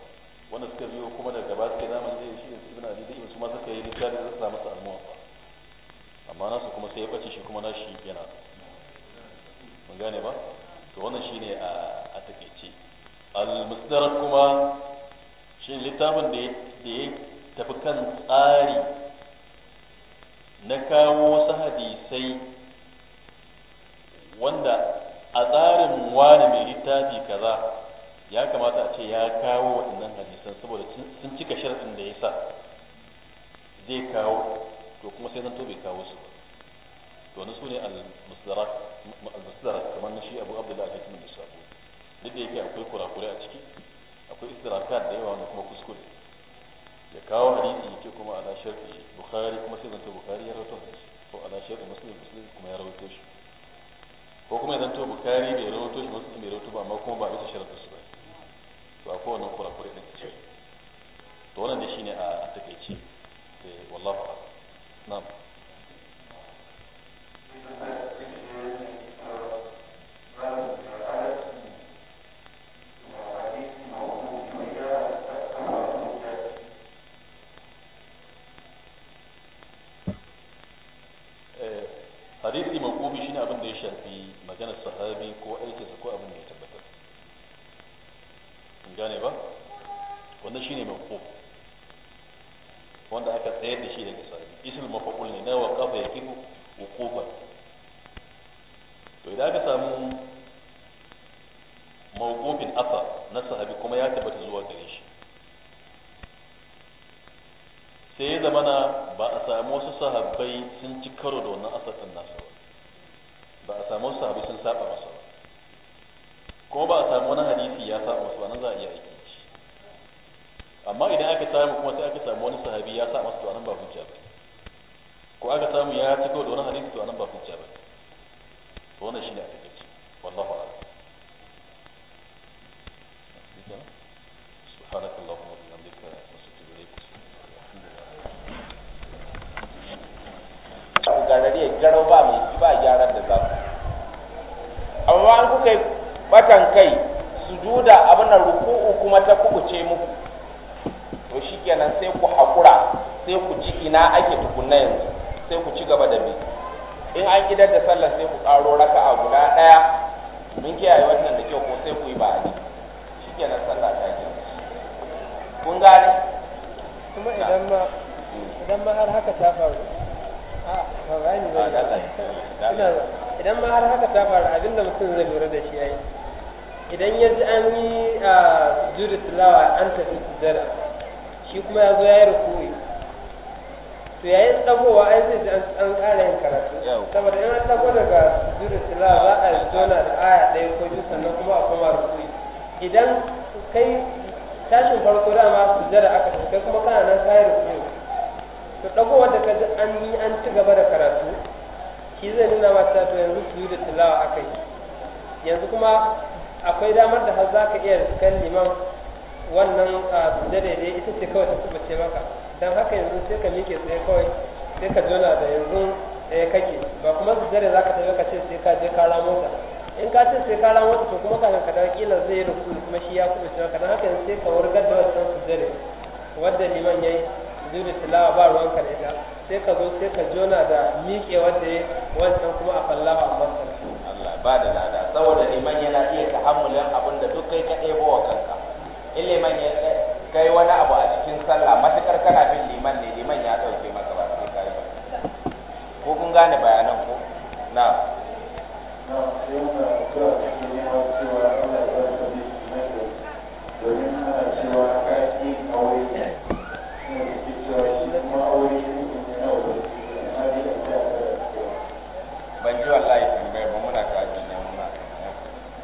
wanda suka biyo kuma daga gaba sai zamanin zai shi ibn abi da su ma suka yi littafin da sa masa al-muwatta amma nasu kuma sai ya bace shi kuma nashi yana mun gane ba to wannan shine a takaice al-musdarak kuma shi littafin da ya tafi kan tsari na kawo wasu hadisai wanda a tsarin wani mai littafi kaza ya kamata a ce ya kawo waɗannan hadisan saboda sun cika sharaɗin da ya sa zai kawo to kuma sai zan to bai kawo su ba wani su ne al-musdarak kamar na shi Abu Abdullah al-Hakim al-Sabu duk da yake akwai kurakure a ciki akwai istirakat da yawa kuma kuskure ya kawo hadisi yake kuma ala sharhi Bukhari kuma sai zanto Bukhari ya rawaito hadisi ko ala sharhi Muslim Muslim kuma ya rawaito shi ko kuma ya zanto Bukhari bai rawaito shi Muslim bai rawaito ba amma kuma ba bisa sharhi su ba to a kowane kurakure din ce to wannan da ne a takeice eh, wallahu a'lam na'am قريبته انا بقى